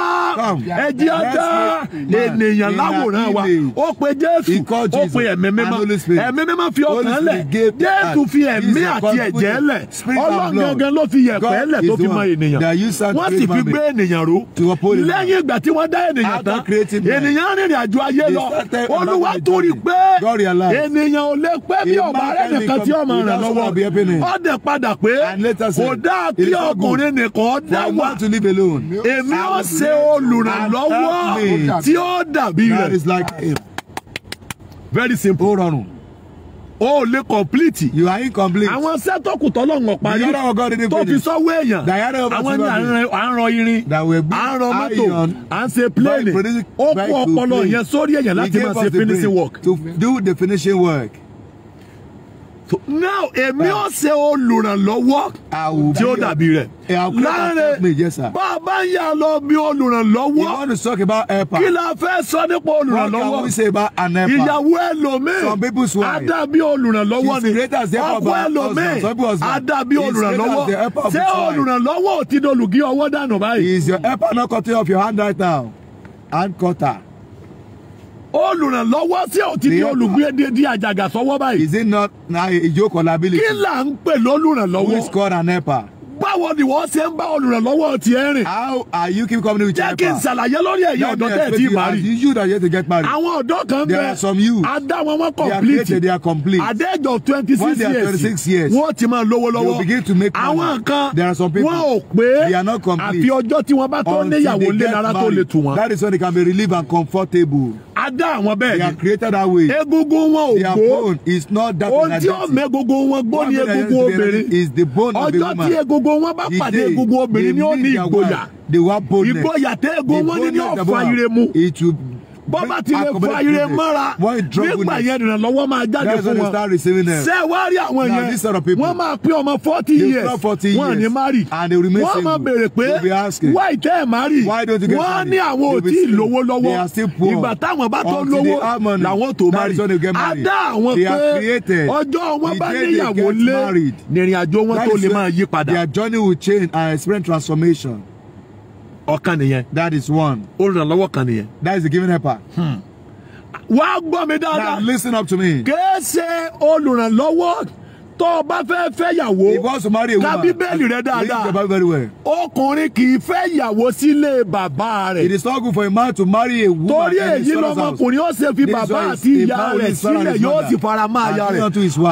ẹ jẹ́ ọjọ́ ènìyàn láwòrán wa ó pe Jésù ó pe ẹ̀mí mímọ́ ẹ̀mí mímọ́ fi ọkàn lẹ̀ Jésù fi ẹ̀mí àti ẹ̀jẹ̀ lẹ̀ Ọlọ́run gangan ló fi yẹ̀pẹ̀ lẹ̀ tó fi mọ ènìyàn wọ́n sì fi gbé ènìyàn ró lẹ́yìn ìgbà tí wọ́n dá ènìyàn tán ènìyàn rìnrìn àjò ayé lọ ó olúwa torí pé ènìyàn ò lè pẹ́ bí ọba rẹ nìkan tí ọmọ rẹ lọ́wọ́ ọdẹ padà pé kò dáa kí ọkùnrin nìkan dáwà èmi ó ṣe olùrànlọ́wọ́ tí ó dàbí rẹ̀ very simple o lè complete. you are incomplete. àwọn sẹ́tọ̀kù tọ́lọ́ngàn parí tó fi sọ́wọ́ èèyàn àwọn ní à ń rọ irin à ń rọ mọ́tò à ń ṣe plane ó kó ọpọlọ yẹn sórí èèyàn láti máa ṣe finishing work. to do the finishing work now èmi ò ṣe olùrànlọ́wọ́ tí ó dàbí rẹ̀ láàrin bàbá ń yà lọ bí olùrànlọ́wọ́ kí la fẹ́ sọ nípa olùrànlọ́wọ́ ìyàwó ẹlòmíì adàbí olùrànlọ́wọ́ ni ọkọ ẹlòmíì adàbí olùrànlọ́wọ́ ṣé olùrànlọ́wọ́ ò ti dolùgí ọwọ́ dànù báyìí. is your helper not cutting off your hand right now hand cutter olùrànlọ́wọ́ sí ò ti di àjàgà sọ́wọ́ báyìí. is it not na ìjókòó liability. kí là ń pè lólùrànlọ́wọ́. who is called an helper báwo ni wọ́n ṣe ń bá olùrànlọ́wọ́ tiẹ̀ rìn. how are you keep coming with your jẹ́ kí n ṣàlàyé lórí ẹ̀yin ọ̀dọ́ tẹ̀ tí màá rí. you that yet to get married. àwọn ọ̀dọ́ kan bẹ. there are some youth. adá wọn wọn complete. they are they are complete. at the age of twenty six years. when they are twenty six years. wọ́n ti máa lówó lọ́wọ́. they begin to make money. àwọn kan. there are some people. wọn ò pé. they are not complete. àfi ọjọ́ tí wọ́n bá tó níyàwó lé lára tó le tù wọ́n. that is when they can be relieved and comfortable. adá àwọn bẹ́ẹ̀ ni. they are created that way. egungun wọn ò gbó. their bone is not that. ohun tí ó mẹ́gungun wọn gbó ni egungun obìnrin. is the bone of the woman. egungun wọn bá pàdé gbogbo obìnrin ni ó ní ìgboyà ìgboyà tẹ ego wọn ni ó fa ire mu bọ́bá ti lè fa ire mọ́ra nígbà yẹn ìrànlọ́wọ́ máa jáde fún wọn ṣé wá rí àwọn yẹn wọ́n máa pín ọmọ forty years wọ́n ní mari wọ́n máa béèrè pé why tẹ́ ẹ̀ mari wọ́n ní àwọn ò tí ì lówó lọ́wọ́ ìgbà táwọn bá tó lówó làwọn tó mari á dá àwọn pé ọjọ́ wọn bá níyàwó lé nìrìn àjò wọn tó lè máa yí padà. their journey will change and experience transformation that is one. olùrànlọ́wọ́ kan nìyẹn. that is the giving helper. Hmm. wàá gbọ́ mi dáadáa. now listen up to me. kèé ṣe olùrànlọ́wọ́ tó bá fẹ́ fẹ́ yàwó ka bíbélì rẹ dáadáa ọkùnrin kì í fẹ́ yàwó sílé bàbá rẹ̀. it is not good for a man to marry a woman. torí èyí lọmọkùnrin ó ṣe fi bàbá àti ìyá rẹ̀ sílẹ̀ yóò sì fara mọ́ aya rẹ̀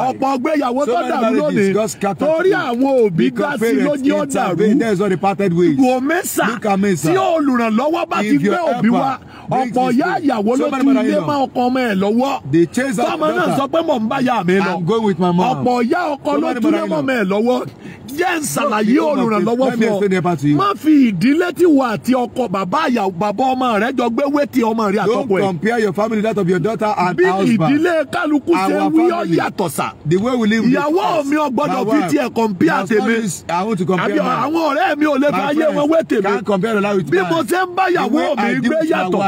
ọ̀pọ̀ gbéyàwó tó dàrú lónìí torí àwọn òbí gbà sí lójú ó dàrú gòmẹ́sà tí olùrànlọ́wọ́ bá ti gbé òbí wa ọ̀pọ̀ ìyá ìyàwó ló tún ilé máa ọkọ ọmọ ẹ̀ lọ́wọ́ tọ́mọ náà sọ pé mò ń bá yà mí lọ ọ̀pọ̀ ìyá já ọkọ lójúlé mọ́ mẹ́ lọ́wọ́ jẹ́ nsàlàyé olùrànlọ́wọ́ fún ọ má fi ìdílé tí wà àti ọkọ bàbá àyà bàbá ọmọ rẹ jọ gbé wétí ọmọ rẹ àtọkọ ẹ. don't compare your family that of your daughter and Be husband. bí ìdílé kálukú ṣe wí ọ yàtọ̀ sà. the way we live with our ìyàwó mi ò gbọ́dọ̀ fi tiẹ̀ compare I want to compare mine. àwọn ọ̀rẹ́ mi ò lè fi ayé wọn wé tèmi. can't compare Lola with mine. bí mo ṣe ń bá ìyàwó mi gbé yàtọ̀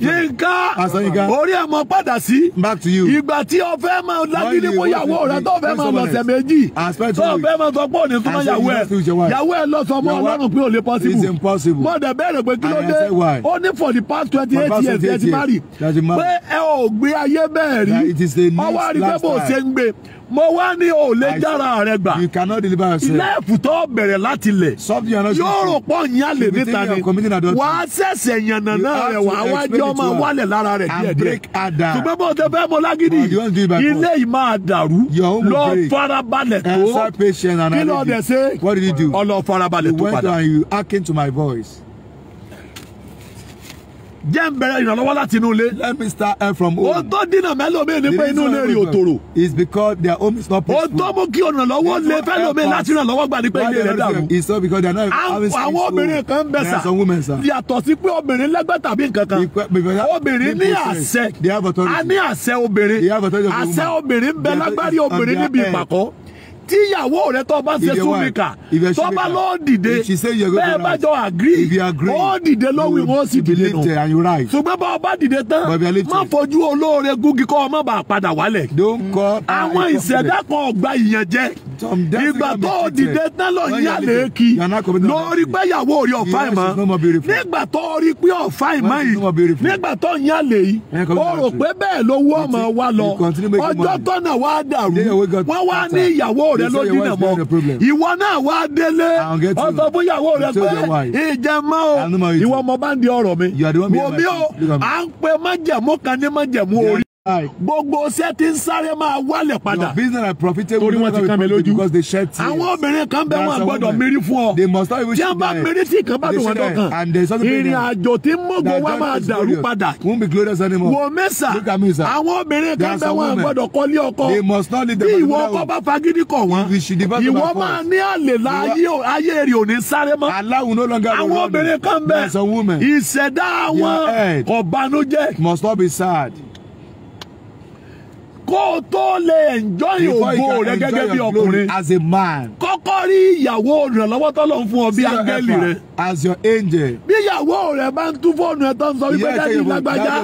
yínká orí ẹ̀ mọ padà sí. back to you. ìgbà tí o fẹ́ máa lágídí fún ìyàwó rẹ tó fẹ́ máa lọ̀sẹ̀ méjì tó fẹ́ máa sọ pé òní tó mọ yàwó ẹ yàwó ẹ lọ sọ mọ ọlọ́run pé ò lè possible mọ dẹ̀ bẹ́ẹ̀ pé kí ló dé ó ní for the past twenty eight years ẹ ti marry pé ẹ ò gbé ayé bẹ́ẹ̀ rí ọwọ́ àrígbẹ́bọ̀ ṣe ń gbé mo wá ní o lè dára rẹ gbà. you cannot deliver yourself. ilé ẹ̀fùtọ́ bẹ̀rẹ̀ láti lẹ̀. something you are not supposed to. yóò rò pọ̀ yín àlè níta ni wà á ṣẹ̀ṣẹ̀ yànnà náà rẹ̀ wà á wájú ọmọ wálẹ̀ lára rẹ̀ díẹ̀ díẹ̀. ṣùgbọ́n bó ṣe fẹ́ mọ lágídí ilé yìí máa dàrú lọ farabalẹ̀ tó kí lọ́ọ́ dẹ̀ ṣe ọlọ́ọ̀ farabalẹ̀ tó padà. you went down and you hearken to my voice jẹ́ n bẹ̀rẹ̀ ìrànlọ́wọ́ láti inú ilé. let me start help from home. o tó dínà mẹ́lòmíì ni pé inú ilé rí òtòrò. is because their home is not peaceful. o tó mú kí ìrànlọ́wọ́ lè fẹ́lòmíì láti ìrànlọ́wọ́ gbà ní pé ilé rẹ̀ dàrú. it's not because they are not having women, àwọn obìnrin kan bẹ sà yàtọ̀ sí pé obìnrin lẹ́gbẹ́ tàbí nǹkan obìnrin ní àṣẹ a ní àṣẹ obìnrin àṣẹ obìnrin bẹ lágbárí obìnrin níbi ìpàkọ́ tíyàwó rẹ tó bá ṣe súnmìkà tó bá lọ dìde bẹ́ẹ̀ bá jọ agree ó dìde lówì wọ́n sì dìde nù ṣùgbọ́n bá ọba dìde tán má fojú olóore gúgi kọ́ ọmọ bá padà wálẹ̀ àwọn ìṣẹ̀dá kan ọgbà ìyẹn jẹ́ ìgbà tó dìde tán lọ yín àlè kí lórí pé ìyàwó rí ọ̀fà ìmọ̀ nígbà tó rí pé ọ̀fà ìmọ̀ yìí nígbà tó yín àlè yìí ó rò pé bẹ́ẹ̀ lówó ọmọ wa lọ ọjọ́ tọ́nà wa dàrú wọ́n wá ní ìyàwó rẹ ló dínà mọ́ ìwọ náà wá délé ọsọ fún ìyàwó rẹ pé ìjẹmọ́ o ìwọ ọmọ bá ń di ọ̀rọ̀ mi wò mí o à ń pe májẹ̀mú kan ní májẹ̀mú orí gbogbo ṣẹ́ ti ń sáré máa wálẹ̀ padà. your business are profitable torí wọn ti kàn mí lójú because they shed tears. àwọn obìnrin kan bẹ wọn gbọ́dọ̀ mérí fún ọ. they must not even see them. tí a bá mérí tí kan bá dùn wọn dọ̀kan. and there is something in them. ìrìn àjò tí mọ́gbọ́ wa máa dàrú padà. won't be glorious anymore. wò mẹ́sà àwọn obìnrin kan bẹ wọn gbọ́dọ̀ kọ́lé ọkọ. they must not leave them. bí ìwọ ọkọ bá fagídí kọ̀ wọ́n. ìwọ máa ní àlè láyé rè òní sáré mọ́. aláwo no longer run àwọn obìnrin kan bẹ ìṣẹ̀dá wọn ọ̀bánújẹ́. must not be sad kó o tó lè enjoy ògo rẹ gẹ́gẹ́ bí ọkùnrin. as a man. kọ́kọ́ rí ìyàwó ìrànlọ́wọ́ tọ́lọ̀ fún ọ bí áńgẹ́lì rẹ. as your angel. bí ìyàwó rẹ bá ń tún fóònù ẹ tán sọ wípé dájú lágbájá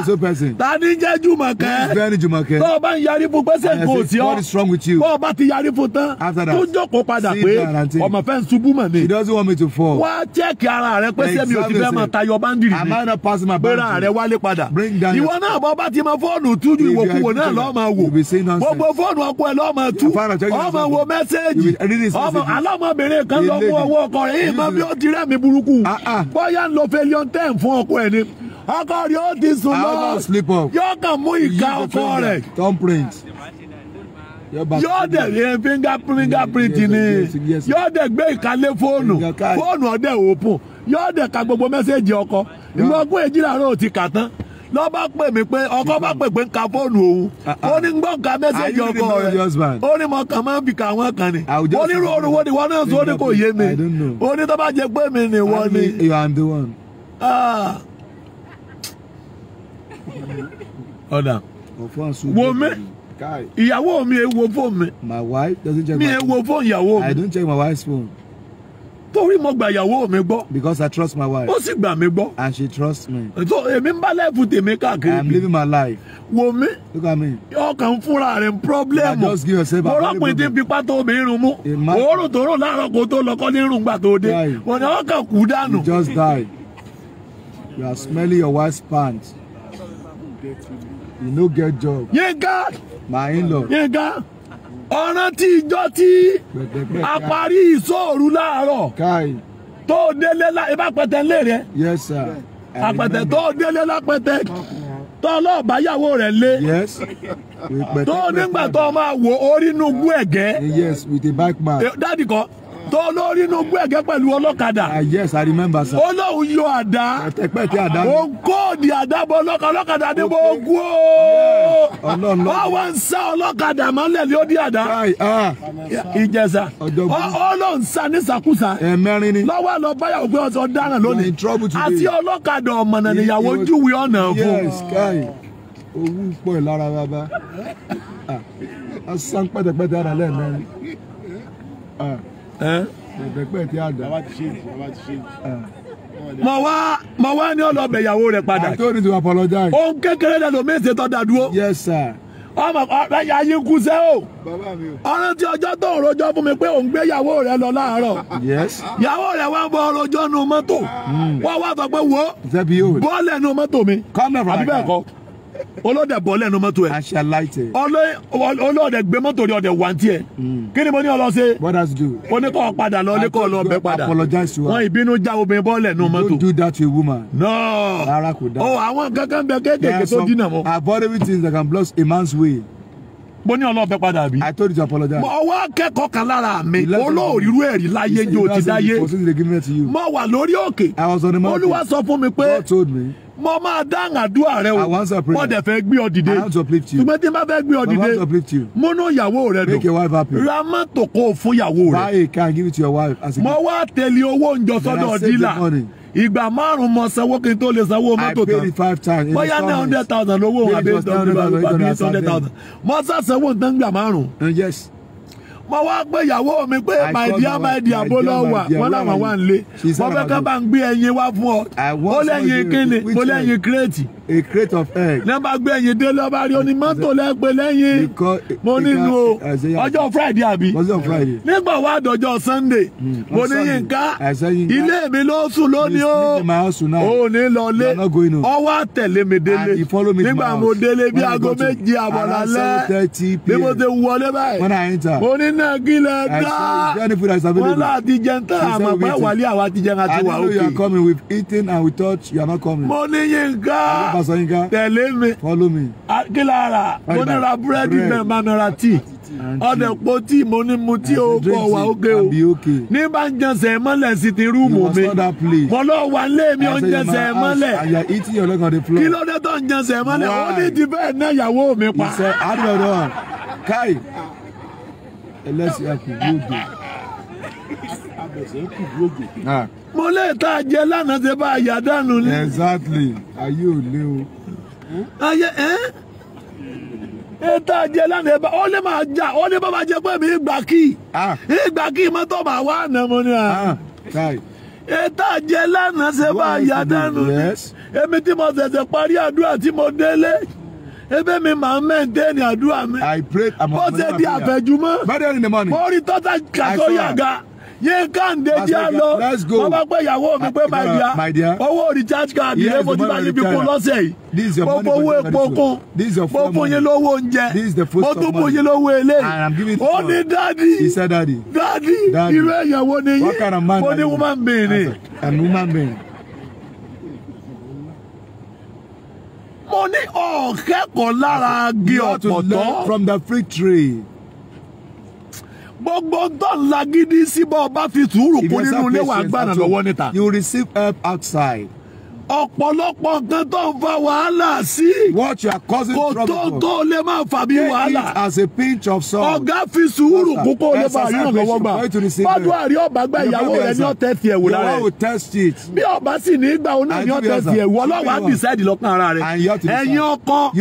ta ni jẹ́ very jùmọ̀kẹ́. tó o bá ń yarí fún pẹ́sẹ̀ kò sí ọ. what is wrong with you. o bá ti yarí fún tán. after that tún jókòó padà pé ọmọ fẹ́ ń ṣubú mọ̀ mi. he doesn't want me to fall. wá chẹ́ẹ̀kì ara rẹ pé sẹ́mi ò ti fẹ́ máa tayọ báńdìrì mi. not passing my boundary. gbéra rẹ wálé padà. ìwọ náà bọ́ bá ti máa fóònù tújú ìwòkuwò náà lọ́ọ́ máa wò be saying nonsense. gbogbo fóònù ọkọ ẹ lọ́mọ tú ọmọ wo mẹ́sẹ́ẹ̀jì ọmọ alámọbìnrin kan lọ mú ọwọ́ ọkọ rẹ̀ ìmọ̀ bí ó ti rẹ́ burúkú ah, ah. bóyá ń lo fẹ́líọ̀n tẹ́ǹ fún ọkọ ẹ ni ọkọ rẹ̀ ó ti sùn lọ yóò kàn mú ìka ọkọ rẹ̀ yóò dẹ̀ yẹ finger fingerprint ni yóò dẹ̀ gbé ìkálé fóònù fóònù ọdẹ òpó yóò dẹ̀ ka gbogbo mẹ́sẹ́ẹ̀jì ọkọ ìmọ̀ ọkọ èjìlá ò ti kà tán. lọ́ bá pè mí pé ọkọ bá pè pé ń ka fóònù òun ah, ah. ó ní gbọ́n ka ọkọ rẹ̀ ó ní mo kàn máa ń fi ka àwọn kan ni ni náà sọ ó ní kò yé mi ó ní tó bá jẹ pé mi ni ni. Ah. ọ̀dà wo mi ìyàwó mi fóònù mi mi torí mo gba ìyàwó mi gbọ́. because I trust my wife. ó sì gbà mí gbọ́. and she trusts me. so èmi ń bá lẹ́ẹ̀fù tèmi káàkiri. I am living my life. wo mi. look at me. ọkàn fúnra rẹ̀ ń problem. I just give yourself a very good. ọlọ́pìn tí ń fi pátó mi irun mú. òórùn tòró láàárọ̀ kó tó lọ kọ́ ní irun gbà tó dé. wọ́n ní ọkàn kú dànù. you just die. you are smelling your wife's pants. you no get job. yínká. my in-law. yínká ọ̀ràn tí ìjọ tí a parí ìṣòru láàárọ̀ tó délé la ibà pẹ̀tẹ̀ lé rẹ̀ àpẹ̀tẹ̀ tó délé lápẹ̀tẹ̀ tó ọlọ́ọ̀bá yàwó rẹ̀ lé tó nígbà tó máa wò orí inú ẹ̀gẹ́ dáàdì kan tó lórí inú gbẹ̀gẹ́ pẹ̀lú ọlọ́kadà. Ah, yes i remember sir. olóhùn yọ àdá. pẹ̀tẹ̀pẹ̀tẹ̀ àdá mi. o kóòdì àdá bọ ọlọ́kadà ọlọ́kadà ní mo kú o. ọlọ́ọ̀lọ́. wọ́n wá ń sá ọlọ́kadà mọ́lẹ̀ ní ó dí àdá. Ah. ìjẹsà ọlọ́run sá ní sàkúsà. ẹ̀mẹ́rin ni. lọ́wọ́ lọ báyà òpin ọ̀sán ọ̀daràn lónìí. àti ọlọ́kadà ọ̀mọ̀nà nìyàwó júwe ọ̀nà fún. yes kai owó pọ̀ lára bàbá. Ah. a san pẹ̀tẹ̀pẹ̀tẹ̀ àdá lẹ́ẹ̀mẹ́rin. Eh? mọ wá mọ wá ní ìyàwó padà. I kékeré náà méje tó dà dúró. ọmọ ọ̀rẹ́ yà yín kú o. bàbá tí ọjọ́ mi pé òun gbé ìyàwó rẹ̀ lọ láàárọ̀. ìyàwó wá ń bọ ọrọ̀jọ́ nu mọ́tò. Hmm. wọ́n wá sọ pé wo. mi. ọlọ́dẹ bọ́ lẹ́nu mọ́tò ẹ̀ ọlọ́dẹ gbé mọ́tò rí ọdẹ wáńtí ẹ̀ hmm. kí ni mo ní ọlọ́sẹ̀ oníkọ́ padà lọ oníkọ́ lọ bẹ́ẹ̀ padà wọn ìbínú já obìnrin bọ́ lẹ́nu mọ́tò. don't do that to a woman. no rárá kò dá. ọ oh, àwọn kankan bẹ kéékèèké tó dínà mọ́. avoid everything that can block a man's way mo ní ọlọ́ọ̀bẹ padà bí. I told you to apologize. mo wá kẹ́kọ̀ọ́ kan lára mi olóòrírú ẹ̀rí láyé ní o ti dáyé mo wà lórí òkè olúwa sọ fún mi pé mo máa dáhùn àdúrà rẹ o mo dẹ̀ fẹ́ gbé ọ dìde ṣùgbọ́n tí n bá fẹ́ gbé ọ dìde mo ná ìyàwó rẹ dùn ra mọ́tò kó o fún ìyàwó rẹ mo wá tẹ̀lé owó oúnjẹ sọ́dọ̀ dílà ìgbà márùn mọ sanwó kí n tó lè sanwó mọ́tò tán bóyá ní hundred thousand lówó àbí eight hundred thousand mo sá sanwó nǹkan gbà márùn. Uh, mo wá pé ìyàwó mi pé my dear my dear bó lọ wà wọn làwọn wà ń lé wọn fẹ́ ká bá ń gbé ẹyin wá fún ọ ó lẹ́yìn kíni mo lẹ́yìn kírètì a crate of egg. ní bá gbé ẹyin dé lọ́ba rí oní mọ́tò lẹ́gbẹ́ lẹ́yìn mo nínú o ọjọ́ friday àbí nígbà wà dọ̀jọ́ sunday hmm, mo ní yínká ilé mi ló sùn lónìí o ò ní lọlé ọwọ́ àtẹ̀lé mi délé nígbà mo délé bí aago méje àbọ̀ lálẹ́ bí mo ti wọlé báyìí mo ní náà kí lẹ dá wọn láti jẹun tán àmọ́ pé wàlẹ́ àwa ti jẹun àti wà òkè. I know you are coming we have and we thought you are not coming. mo ní yínká máa sọ yín gan. tẹ̀lé mi follow me. kí la rà mo ní ra búrẹ́dì náà máa nara tíì ọdẹ po tí mo ní mu tí o kọ wà ókè o ní bá ń jẹsẹ̀ mọ́lẹ̀ sí ti rúùmù mi mo lọ wà lé mi ó ń jẹsẹ̀ mọ́lẹ̀ kí ló dé tó ń jẹsẹ̀ mọ́lẹ̀ ó ní ti bẹ́ẹ̀ ná ìyàwó mi pa. ìṣe àdúrà wa káì ẹlẹ́sìn ẹkùn gbòógè mo lè ta jẹ lánàá ṣe bá a yà dànù ni. exactly ayé ò lé o. ayé ẹ ẹ tá a jẹ lánàá ẹ bá ọ lè máa jà ọ lè bá máa jẹ pé mi gbà kí ah. gbà kí mọ́tò máa wá àná mo ní à ètà ah, jẹ lánàá ṣe bá yà dànù ni èmi tí mo ṣẹ̀ṣẹ̀ parí àdúrà tí mo délé ebe mi máa ń mẹ́ǹtẹ́ẹ̀nì àdúrà mi bó ṣe di àfẹ̀júmọ́ mo rí tọ́ta kàtó yàgá. Yínká Ǹdèjì á lọ wọ́n bá pẹ́ ìyàwó mi pé my dear owó recharge card ilé mo ti bá níbi kún lọ́sẹ̀ yìí mo fowó epo kún mo fún yín lówó oúnjẹ mo tún fún yín lówó eléyìí ó ní dáàdi dáàdi irú èèyàn ni yín mo ní woman being ni. mo ní ọ̀kẹ́kọ̀ọ́ lára gé from the fruit tree gbogbo tó lagidi síbọ̀ bá fi sùúrù kún nínú ilé wa gbàrà lọ́wọ́ níta. you receive help outside. ọ̀pọ̀lọpọ̀ nǹkan tó ń fa wàhálà sí. what you are causing trouble kò tó tó lè máa fà bí wàhálà. take it as a pinch of salt. ọ̀gá fi sùúrù kún kó lè máa yàn lọ́wọ́ gbà. fọ́dún àrí ọ̀bá gba ìyàwó rẹ̀ ní ọ̀tẹ̀ tiẹ̀ wò lára rẹ̀. bí ọ̀bá sì ní gbà òun náà ní ọ̀tẹ̀ tiẹ̀ wò ọlọ́wà á decide lọ́kàn ara rẹ̀. ẹ̀yin ọkọ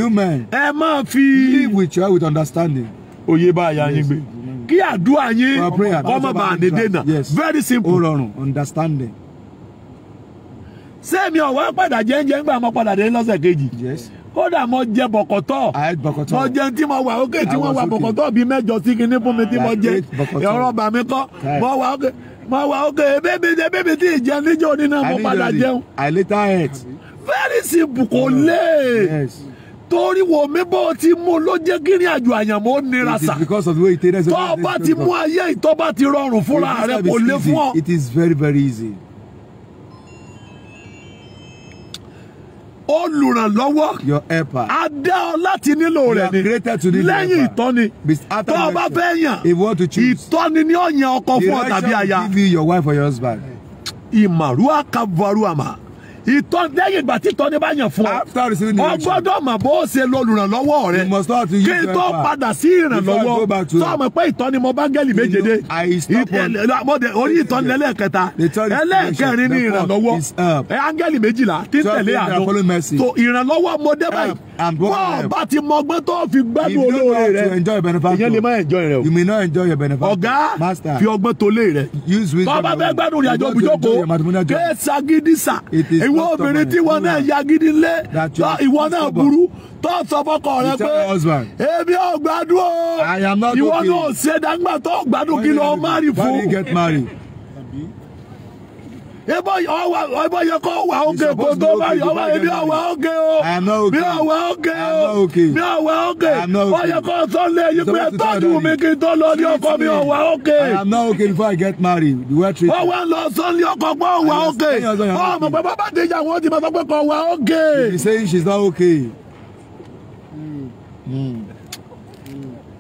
ẹ máa fi. live with your with understanding. òye bá a yà kí àdúrà yín ọmọ bá a dédé nà very simple. ó rọrùn understanding. sẹ́mi ọ̀wá padà jẹ́ńjẹ́ ńgbà mo padà dé lọ́sẹ̀ kejì. Yes kódà mo jẹ bọ̀kọ̀tọ̀ mo jẹ tí mo wà ókè tí wọ́n wà bọ̀kọ̀tọ̀ bíi mẹ́jọ sí kinní fún mi tí mo jẹ ọ̀rọ̀ bà mí kọ́ mo wà ókè mo wà ókè ebébi ebébi tí ìjẹ níjọ́ nínú mo padà jẹun. very simple kò lè. Yes torí wo mi bó ti mú ló jẹ́ kí ní àjò àyànmó nira sa. it is because of the it is. ti mú ayé ìtọ́ ti rọrùn fúnra rẹ kò lè fún ọ. it is very very easy. olùrànlọ́wọ́. your helper. a dá ọ láti nílò rẹ̀ ni. to need your helper. lẹ́yìn ìtọ́ni. after fẹ́ yàn. if want to choose. ìtọ́ni ni ó yan ọkọ fún ọ tàbí aya. the your wife or your husband. ìmàrú àkàbọ̀rú àmà ìtọ́ lẹ́yìn ìgbà tí ìtọ́ni bá yàn fún ọ ọgbọ́dọ̀ mọ̀ bó o ṣe lo olùrànlọ́wọ́ rẹ kí n tó padà sí ìrànlọ́wọ́ tó mọ̀ pé ìtọ́ni mo bá gẹ́lì méje dé orí ìtọ́ni lẹ́lẹ́kẹta ẹlẹ́kẹrin ní ìrànlọ́wọ́ uh, áńgẹ́lì méjìlá tí ń tẹ̀lé àdó tó ìrànlọ́wọ́ mo dé báyìí wọ́n bá ti mọ ọgbọ́n tó fi gbádùn olóore rẹ ìyẹn lè má enjoy rẹ o ọ̀gá fi ọgbọ́n tó lé rẹ tọ́ bá fẹ́ gbádùn ìrìnàjò òbújókòó kẹ́ẹ́ sagídísà ìwọ obìnrin tí ìwọ náà ya gidi lé ìwọ náà burú tó sọ fọkọ rẹ pé èmi ò gbádùn o ìwọ náà ò ṣe dáńgbà tó gbádùn kí lọ́ọ́ má rí fún ebo ọwa ebo yẹ kọ wa oge ko tó bá yọ wa ebi ọwa oge o mi ọwa oge o mi ọwa oge ọyẹ kọ sọlẹ yìí pé tọ́jú mi kí n lọ ní ọkọ mi ọwa oge. I am not okay before I get married the well treated. ọwọ́ lọ sọlẹ ọkọ pé ọwa oge ọmọ pé bàbá ti jà wọ́n ti máa sọ pé kọ ọwa oge. he is saying she is not okay. Mm. Mm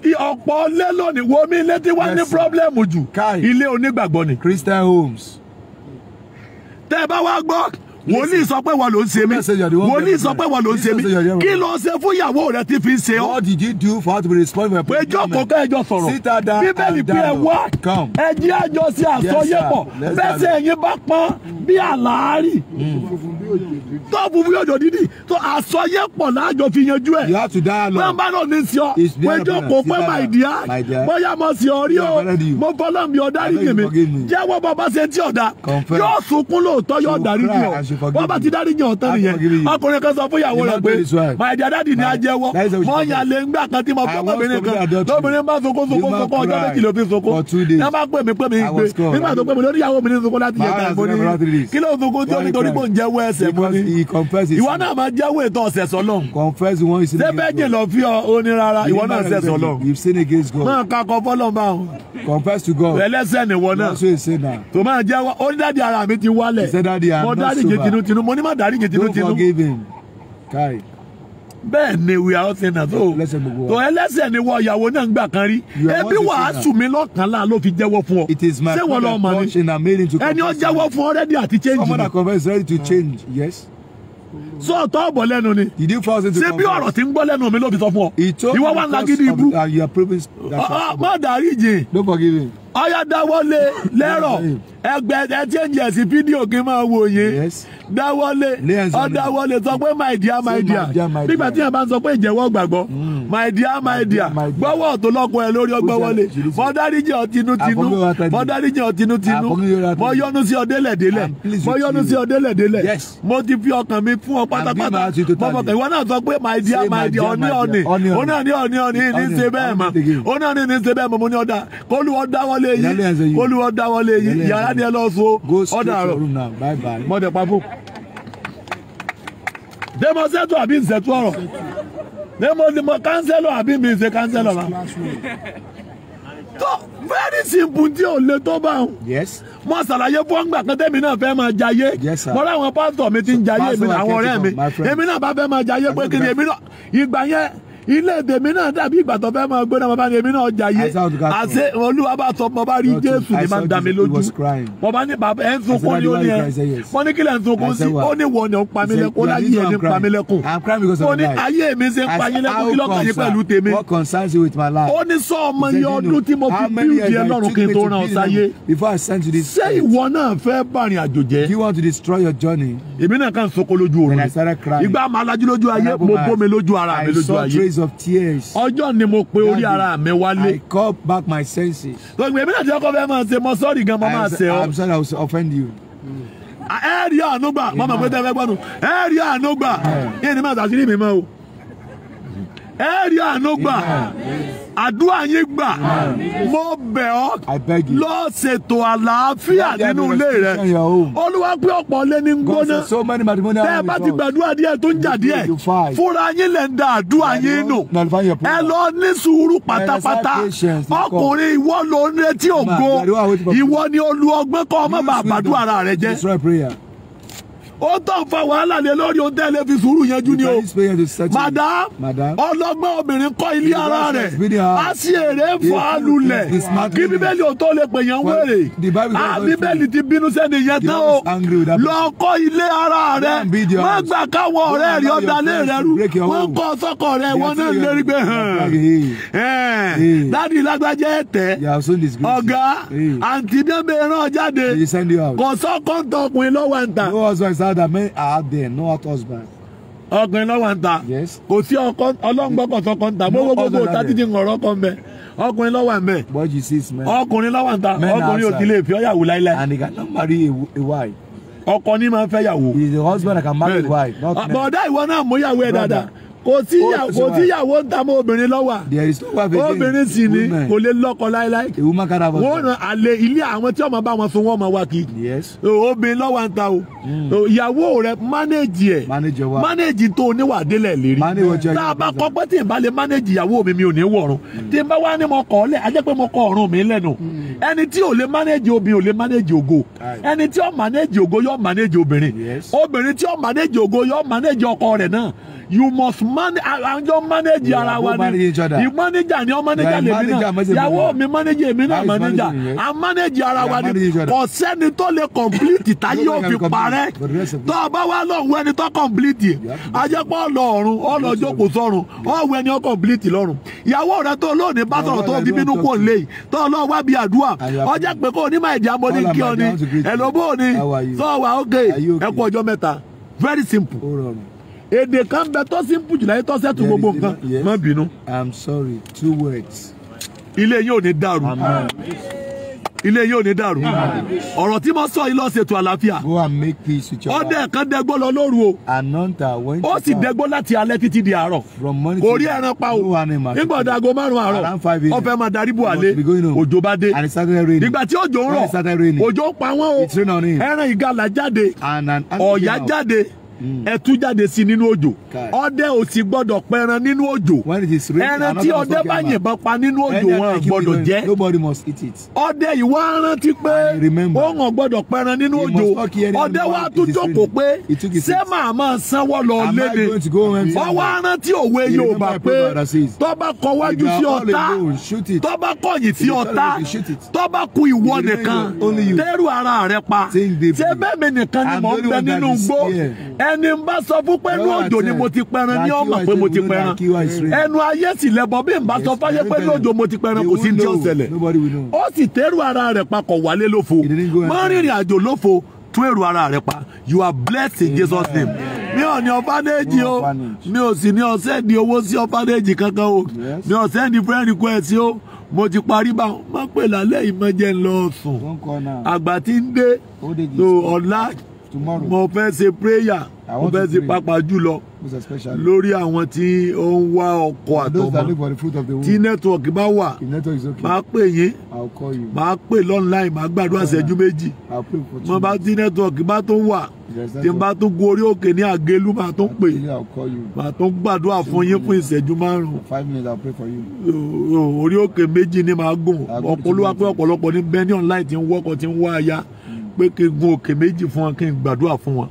ọ̀pọ̀ lẹ́lọ́ni wo mi létí wá ní pírọ́blẹ́mù jù ilé onígbàgbọ́ ni. Christian homes tẹ́ bá wá gbọ́ wòlíì sọ pé wọ́n ló ń ṣe mí wòlíì sọ pé wọ́n ló ń ṣe mí kí ló ṣe fún ìyàwó rẹ tí fi ń ṣe ọ́. what did you do for her to be responsible kò ká sọ̀rọ̀ bíbélì pé ẹ wá ẹjẹ àjọ sí àsọyépọ̀ bẹ́sẹ̀ ẹ̀yin bá pọ́n bí àlàárì hmm tó funfun yóò jò dídì tó àsọyépọ̀ láàjọ fi yanjú ẹ̀. you have to dialogue. wọ́n bá náà ní sí ọ kò pé my dear bóyá mo sì ọ rí o mo fọlọ́ mi ọ̀dá rí kèmí jẹ́wọ́ bàbá ṣe ti ọ̀dá yóò sunkún lóòótọ́ yóò dárí jì ọ́ wọ́n bá ti dárí jì ọ́ tán nìyẹn ọkùnrin kan sọ fún ìyàwó rẹ̀ pé my dear daddy ni a jẹ́wọ́ mọ́ yàn lé ńgbà kan tí mo fẹ́ ọmọbìnrin kan lóbìnrin bá sunkún sunkún sunkún ọjọ́ méjì ló fi sunkún ní wọ́n bá pè mí pé nígbà tó pé mi lórí ìyàwó mi ní sunkún ẹ̀ṣẹ̀ mo ní ìwọ náà máa jẹ́wọ́ ètò ọ̀sẹ̀ sọlọ́n. confess one sin against God. sẹ́fẹ̀jì lọ fi ọ onírara ìwọ náà ṣẹ̀ sọlọ́n. you sin against God. máa kakọ fọlọ́n bá wọn. confess to God. ẹlẹ́ṣẹ̀ ni wọ́n náà. you also a sinner. tó máa jẹ́wọ́ ó ní dáàdi ara mi ti wálẹ̀. he said dáàdi i am not sober. mo dáríjì tinútinú mo ní má dáríjì tinútinú. don't forgive him. kai bẹ́ẹ̀ ni we are all sinners o tó ẹlẹ́sẹ̀ ni wọ ìyàwó náà ń gbà kan rí ẹbí wàásù mi lọ́kàn láà ló fi jẹ́wọ́ fún ọ ṣé wọ́n lọ́ọ́ mọ̀ ni ẹni ó jẹ́wọ́ fún already àti change ni sọ ọtọ ọbọ lẹ́nu ni ṣé bí ọ̀rọ̀ tí ń gbọ́ lẹ́nu mi ló fi sọ fún ọ ìwọ wà ń lagídí ibú ah, ah, má dáríjì ọyá dáwọ́ lé lẹ́rọ̀ ẹgbẹ́ ẹ change ẹ̀ sí fídíò kí n máa wò yín dáwọ́lé ọ̀dáwọ́lé sọ pé my dear my dear nígbà tí yàrá bá ń sọ pé ìjẹ́wọ́ gbàgbọ́ mm. my dear my dear gbọ́wọ́ ọ̀tún lọ́kọ̀ ẹ̀ lórí ọgbọ́wọ́lé mo dáríjì ọ tinútinú mo ọ tinútinú mo yọ́nú sí ọ délẹ̀délẹ̀ sí ọ délẹ̀délẹ̀ mo ti fi ọkàn mi fún ọ pátápátá mọ ìwọ sọ pé my dear my dear ní ṣe bẹ́ẹ̀ ní ṣe bẹ́ẹ̀ mo ní kólúwọ́ dáwọ́lé yìí kólúwọ́ dáwọ́lé yìí yàrá ni ẹ so ọ̀dà They must settle àbí ń settle ọ̀rọ̀. They must cancel àbí mi ṣe cancel ọ̀la. tó very simple tí ò oh, le tó bá wọn. yes. mo ṣàlàyé fún ọgbà kan tẹ́mi náà fẹ́ máa jayé. yes sir. mo ráwọn pásítọ̀ mi ti ń jayé mi àwọn ọ̀rẹ́ mi èmi náà bá fẹ́ máa jayé pé kí ni èmi náà ìgbà yẹn ilé tèmi náà dàbí ìgbà tó fẹ́ máa gbóná bàbá ni èmi náà jayé àṣẹ olúwa bá sọ mo bá rí jésù ní máa ń dà mí lójú mo bá ní bàbá ẹ̀ ń sunkún ní oní ẹ̀ wọ́n ní kílẹ̀ ń sunkún sí ó ní wọ̀ ni ó ń pa mí lẹ́kún ó láyé ẹ̀ ní ń pa mí lẹ́kún ó ní ayé mi ṣe ń pa yín lẹ́kún kí lọ́kàn yín pẹ̀lú tèmi ó ní sọ ọmọ yẹn ọdún tí mo fi bíúdi ẹ lọ́rùn kí n tó ràn ọ́ sáyé ṣé ìwọ náà fẹ́ bàrìn àjò jẹ́ days of tears. ọjọ́ ni mo pe orí ara mi wálé. I call back my senses. gbogbo èmi náà ti ọkọ fẹ́ máa ṣe mọ sọ́ọ̀rì gan-an máa ṣe ọ. I'm sorry I will offend you ẹ rí àánú gbà mọ́mọ́ pé tẹ́fẹ́ gbọ́nu ẹ rí àánú yín ni màá sàṣírí mi mọ́ o ẹ rí àánú àdúrà yín gbà mo bẹ̀ ọ́ lọ ṣètò àlàáfíà nínú ilé rẹ oh. olúwa pé ọ̀pọ̀ lé ní gbóná tẹ́ ẹ bá ti gbàdúrà díẹ̀ tó ń jà díẹ̀ fúnra yín lè ń da àdúrà yín nù ẹ lọ ní sùúrù pátápátá ọkùnrin ìwọ ló ń retí ògo ìwọ ni olú ọgbẹ́ ọmọ bàbá àdúrà rẹ jẹ́ ó tọ̀ fa wàhálà lé lórí ohun tẹ́lẹ̀ fi sùúrù yanjú ni o madam ọlọ́gbọ́n obìnrin kọ́ ilé ara rẹ̀ á sí èrè fọ́ alulẹ̀ kí bíbélì ò tó lè pè yẹn wèrè á ah, bíbélì ti bínú sẹ́ni yẹn tán o lọ kọ́ ilé ara rẹ̀ má gbà káwọn ọ̀rẹ́ rí ọ̀dà lé rẹ̀ rú wọ́n kọ́ sọ́kọ̀ rẹ̀ wọ́n náà lérí pé hàn dádì lágbájá ẹ̀ tẹ́ ọ̀gá àǹtí dẹ́gbẹ̀rán jáde kò sọ́kọ̀ ń tọkùnrin lọ́wọ́ ń ta now that men are there no hot husband. ọkùnrin lọ́wọ́ ń ta kò sí ọlọ́ngbọ́kọ̀ sọkọ̀ ń ta gbogbo gbogbo tàbí ti ń ọ̀rọ̀ kan bẹ́ẹ̀ ọkùnrin lọ́wọ́ ń bẹ̀ ọkùnrin lọ́wọ́ ń ta ọkùnrin ò ti lè fi ọ̀yàwó láíláí. and he cannot marry a, wife ọkọ ní máa ń fẹ́ yàwó. he is the husband that can marry a wife. Ah, bọ̀dá ìwọ náà mú yàwó ẹ̀ dáadáa kò sí kò sí ìyàwó ń ta mọ obìnrin lọ́wọ́ obìnrin sì ni kò lè lọ́kọ láéláé wọ́n ràn àlè ilé àwọn tí ọmọ bá wọn sun wọ́n mọ̀ wá kí obìnrin lọ́wọ́ ń ta o hmm. ìyàwó rẹ mánéèjì ẹ̀ mánéèjì tó oníwàdélẹ̀ lérí tá a bá kọ́ pé tí n bá lè mánéèjì ìyàwó mi mi ò ní wọ̀run hmm. tí n bá wá ní mo kọ́ ọ lẹ̀ ajẹ́ pé mo kọ́ ọ̀run mi lẹ́nu hmm. ẹni tí ò lè mánéèjì obìnrin ò lè mánéèjì ògo ẹni tí ó mánéèjì ògo yóò mánéèjì obìnrin obìnrin tí ó mánéèjì ògo yóò mánéèjì ọkọ rẹ̀ náà you must manage àjọ manage ara wa ni ìmánéjà ni manager. mánéjà lèmi náà ìyàwó mi mánéjà èmi náà manager. à manager. ara wa ni kò sẹ́ni tó lè complete táyé òfin parẹ́ tó o bá wá lọ́hùn ẹni tó complete ajẹ́pọ̀ ọ̀lọ́ ọ̀run ọ̀lọ́jọ́ kò sọ̀run ọ̀hùn ẹni ó complete lọ́rùn ìyàwó rẹ tó lónìí bá sọ̀rọ̀ tó fi bínú kò lè tó o lọ́ọ́ wá bí àdúrà ọjà pé kò ní máa ìjà mo ní kí ọ ni ẹ̀ lóbó ni sọ wà ókè ẹ kú ọjọ́ mẹ́ta very simple èdè kan bẹ tó simple jù láyé tó sẹ́tù gbogbo nǹkan má bínú. i'm sorry two words. ilé yóò ní dàrú ilé yóò ní dàrú ọ̀rọ̀ tí mo sọ yìí lọ ṣètò àlàáfíà go and make peace with your wife ọdẹ kan dẹgbó lọ lóru o ananta went to town ó sì dẹgbó láti alẹ́ títí di àárọ̀ kò rí ẹran pa o nígbà ọ̀dàgọ́ márùn-ún àárọ̀ ọ̀fẹ́ máa darí bò alẹ́ òjò bá dé nígbà tí òjò ń rọ̀ òjò ń pa wọ́n o ẹran ìgalà jáde ọ̀yà jáde. Mm. ẹ tú jáde sí nínú òjò ọdẹ ò sì gbọ́dọ̀ pẹran nínú òjò ẹran tí ọdẹ bá yìnbọn pa nínú òjò wọn gbọ́dọ̀ jẹ ọdẹ yìí wá pé ó hàn gbọ́dọ̀ pẹran nínú òjò ọdẹ wa tún jókòó pé ṣé màá máa sanwó lọ léde ọwọ́ arántí òwe Yorùbá pé tọ́ba kọ wájú sí ọ̀tá tọ́ba kọ̀yìn sí ọ̀tá tọ́ba ku ìwọ nìkan tẹ́rù ara rẹ pa ṣé bẹ́ẹ̀ mi nìkan ni mò ń bẹ nínú gbó ẹ ẹni n bá sọ fún pé òjò ni mo ti pẹran ní ọmọ pé mo ti pẹran ẹnu ayé sì lẹbọ bí n bá sọ fáyé pé òjò mo ti pẹran kò sí ní ọ̀sẹ̀lẹ̀ ó sì tẹ́rù ara rẹ̀ papọ̀ wálé lófo mọ́ rìnrìn àjò lófo tún èrò ara rẹ pa you are blessed in Jesus name mi ò ní ọ̀fánẹ́jì o mi ò sì ní ọ̀sẹ̀ di owó sí ọ̀fánẹ́jì kankan o mi ò sẹ́ni friend request o mo ti parí bá wọn pè lálẹ́ ìmọ̀jẹ̀ ńlọ sùn àgbà tí ń dé ọ̀la tomorrow mo fẹ́ ṣe prayer mo fẹ́ ṣe pápá jùlọ lórí àwọn tí ó ń wá ọkọ àtọmọ tí network bá wà máa pè yín máa pè lọ́nláì máa gbàdúrà ṣẹ́jú méjì mo bá tí network bá tó wà tí n bá tó gun orí òkè ní àgélú máa tó pè máa tó gbàdúrà fún yín fún ìṣẹ́jú márùn-ún orí òkè méjì ni máa gùn ọ̀pọ̀lọpọ̀ ní bẹ́ẹ̀ ní ọ̀nláì tí ń wọ́kọ̀ tí ń wá aya pé kí n gun òkè méjì fún wọn kí n gbàdúrà fún wọn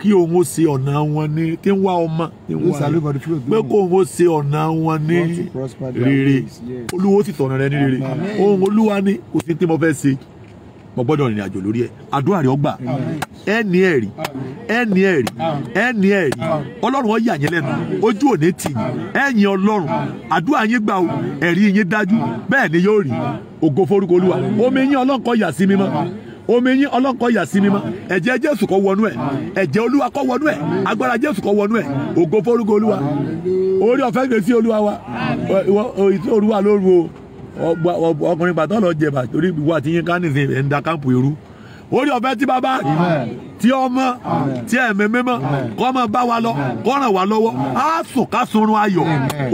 kí òun ó ṣe ọ̀nà wọn ní kí n wá ọmọ ní wà ní pé kó òun ó ṣe ọ̀nà wọn ní rere olúwo sì tọ̀nà rẹ ní rere ohun olúwa ní kò sí tí mo fẹ́ ṣe mo gbọ́dọ̀ rìnrìn àjò lórí ẹ̀ àdúrà rẹ̀ ọgbà ẹni ẹ̀rí ẹni ẹ̀rí ẹni ẹ̀rí ọlọ́run ó yà yín lẹ́nu ojú ò ní tì yín ẹ̀yin ọlọ́run àdúrà yín gbà o ẹ̀rí yín dájú bẹ́ẹ̀ ni yóò rí ògo forúkọ olúwa omi yín ọlọ́run kó yà sí mímọ́ omi yín ọlọ́nkọ́ yà sí mi mọ́ ẹ̀jẹ̀ jésù kó wọnú ẹ̀ ẹ̀jẹ̀ olúwa kó wọnú ẹ̀ agbára jésù kó wọnú ẹ̀ ògo forúkọ olúwa orí ọ̀fẹ́ gbèsè olúwa wa ìṣòro olúwa lóru o ọkùnrin bàtọ́ lọ jẹ̀bà torí ìwà àti yín ká nìsín ẹ̀ ń da káàpù irú orí ọ̀fẹ́ tí bàbá tí ọmọ tí ẹ̀mí mímọ́ kó máa bá wa lọ kó ràn wá lọ́wọ́ á sùn ká sunrun ayọ̀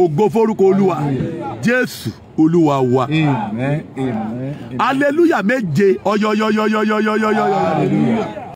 ògo forúkọ olúwa jésù olúwa wa aleluya méje ọyọyọyọyọyọyọyọ.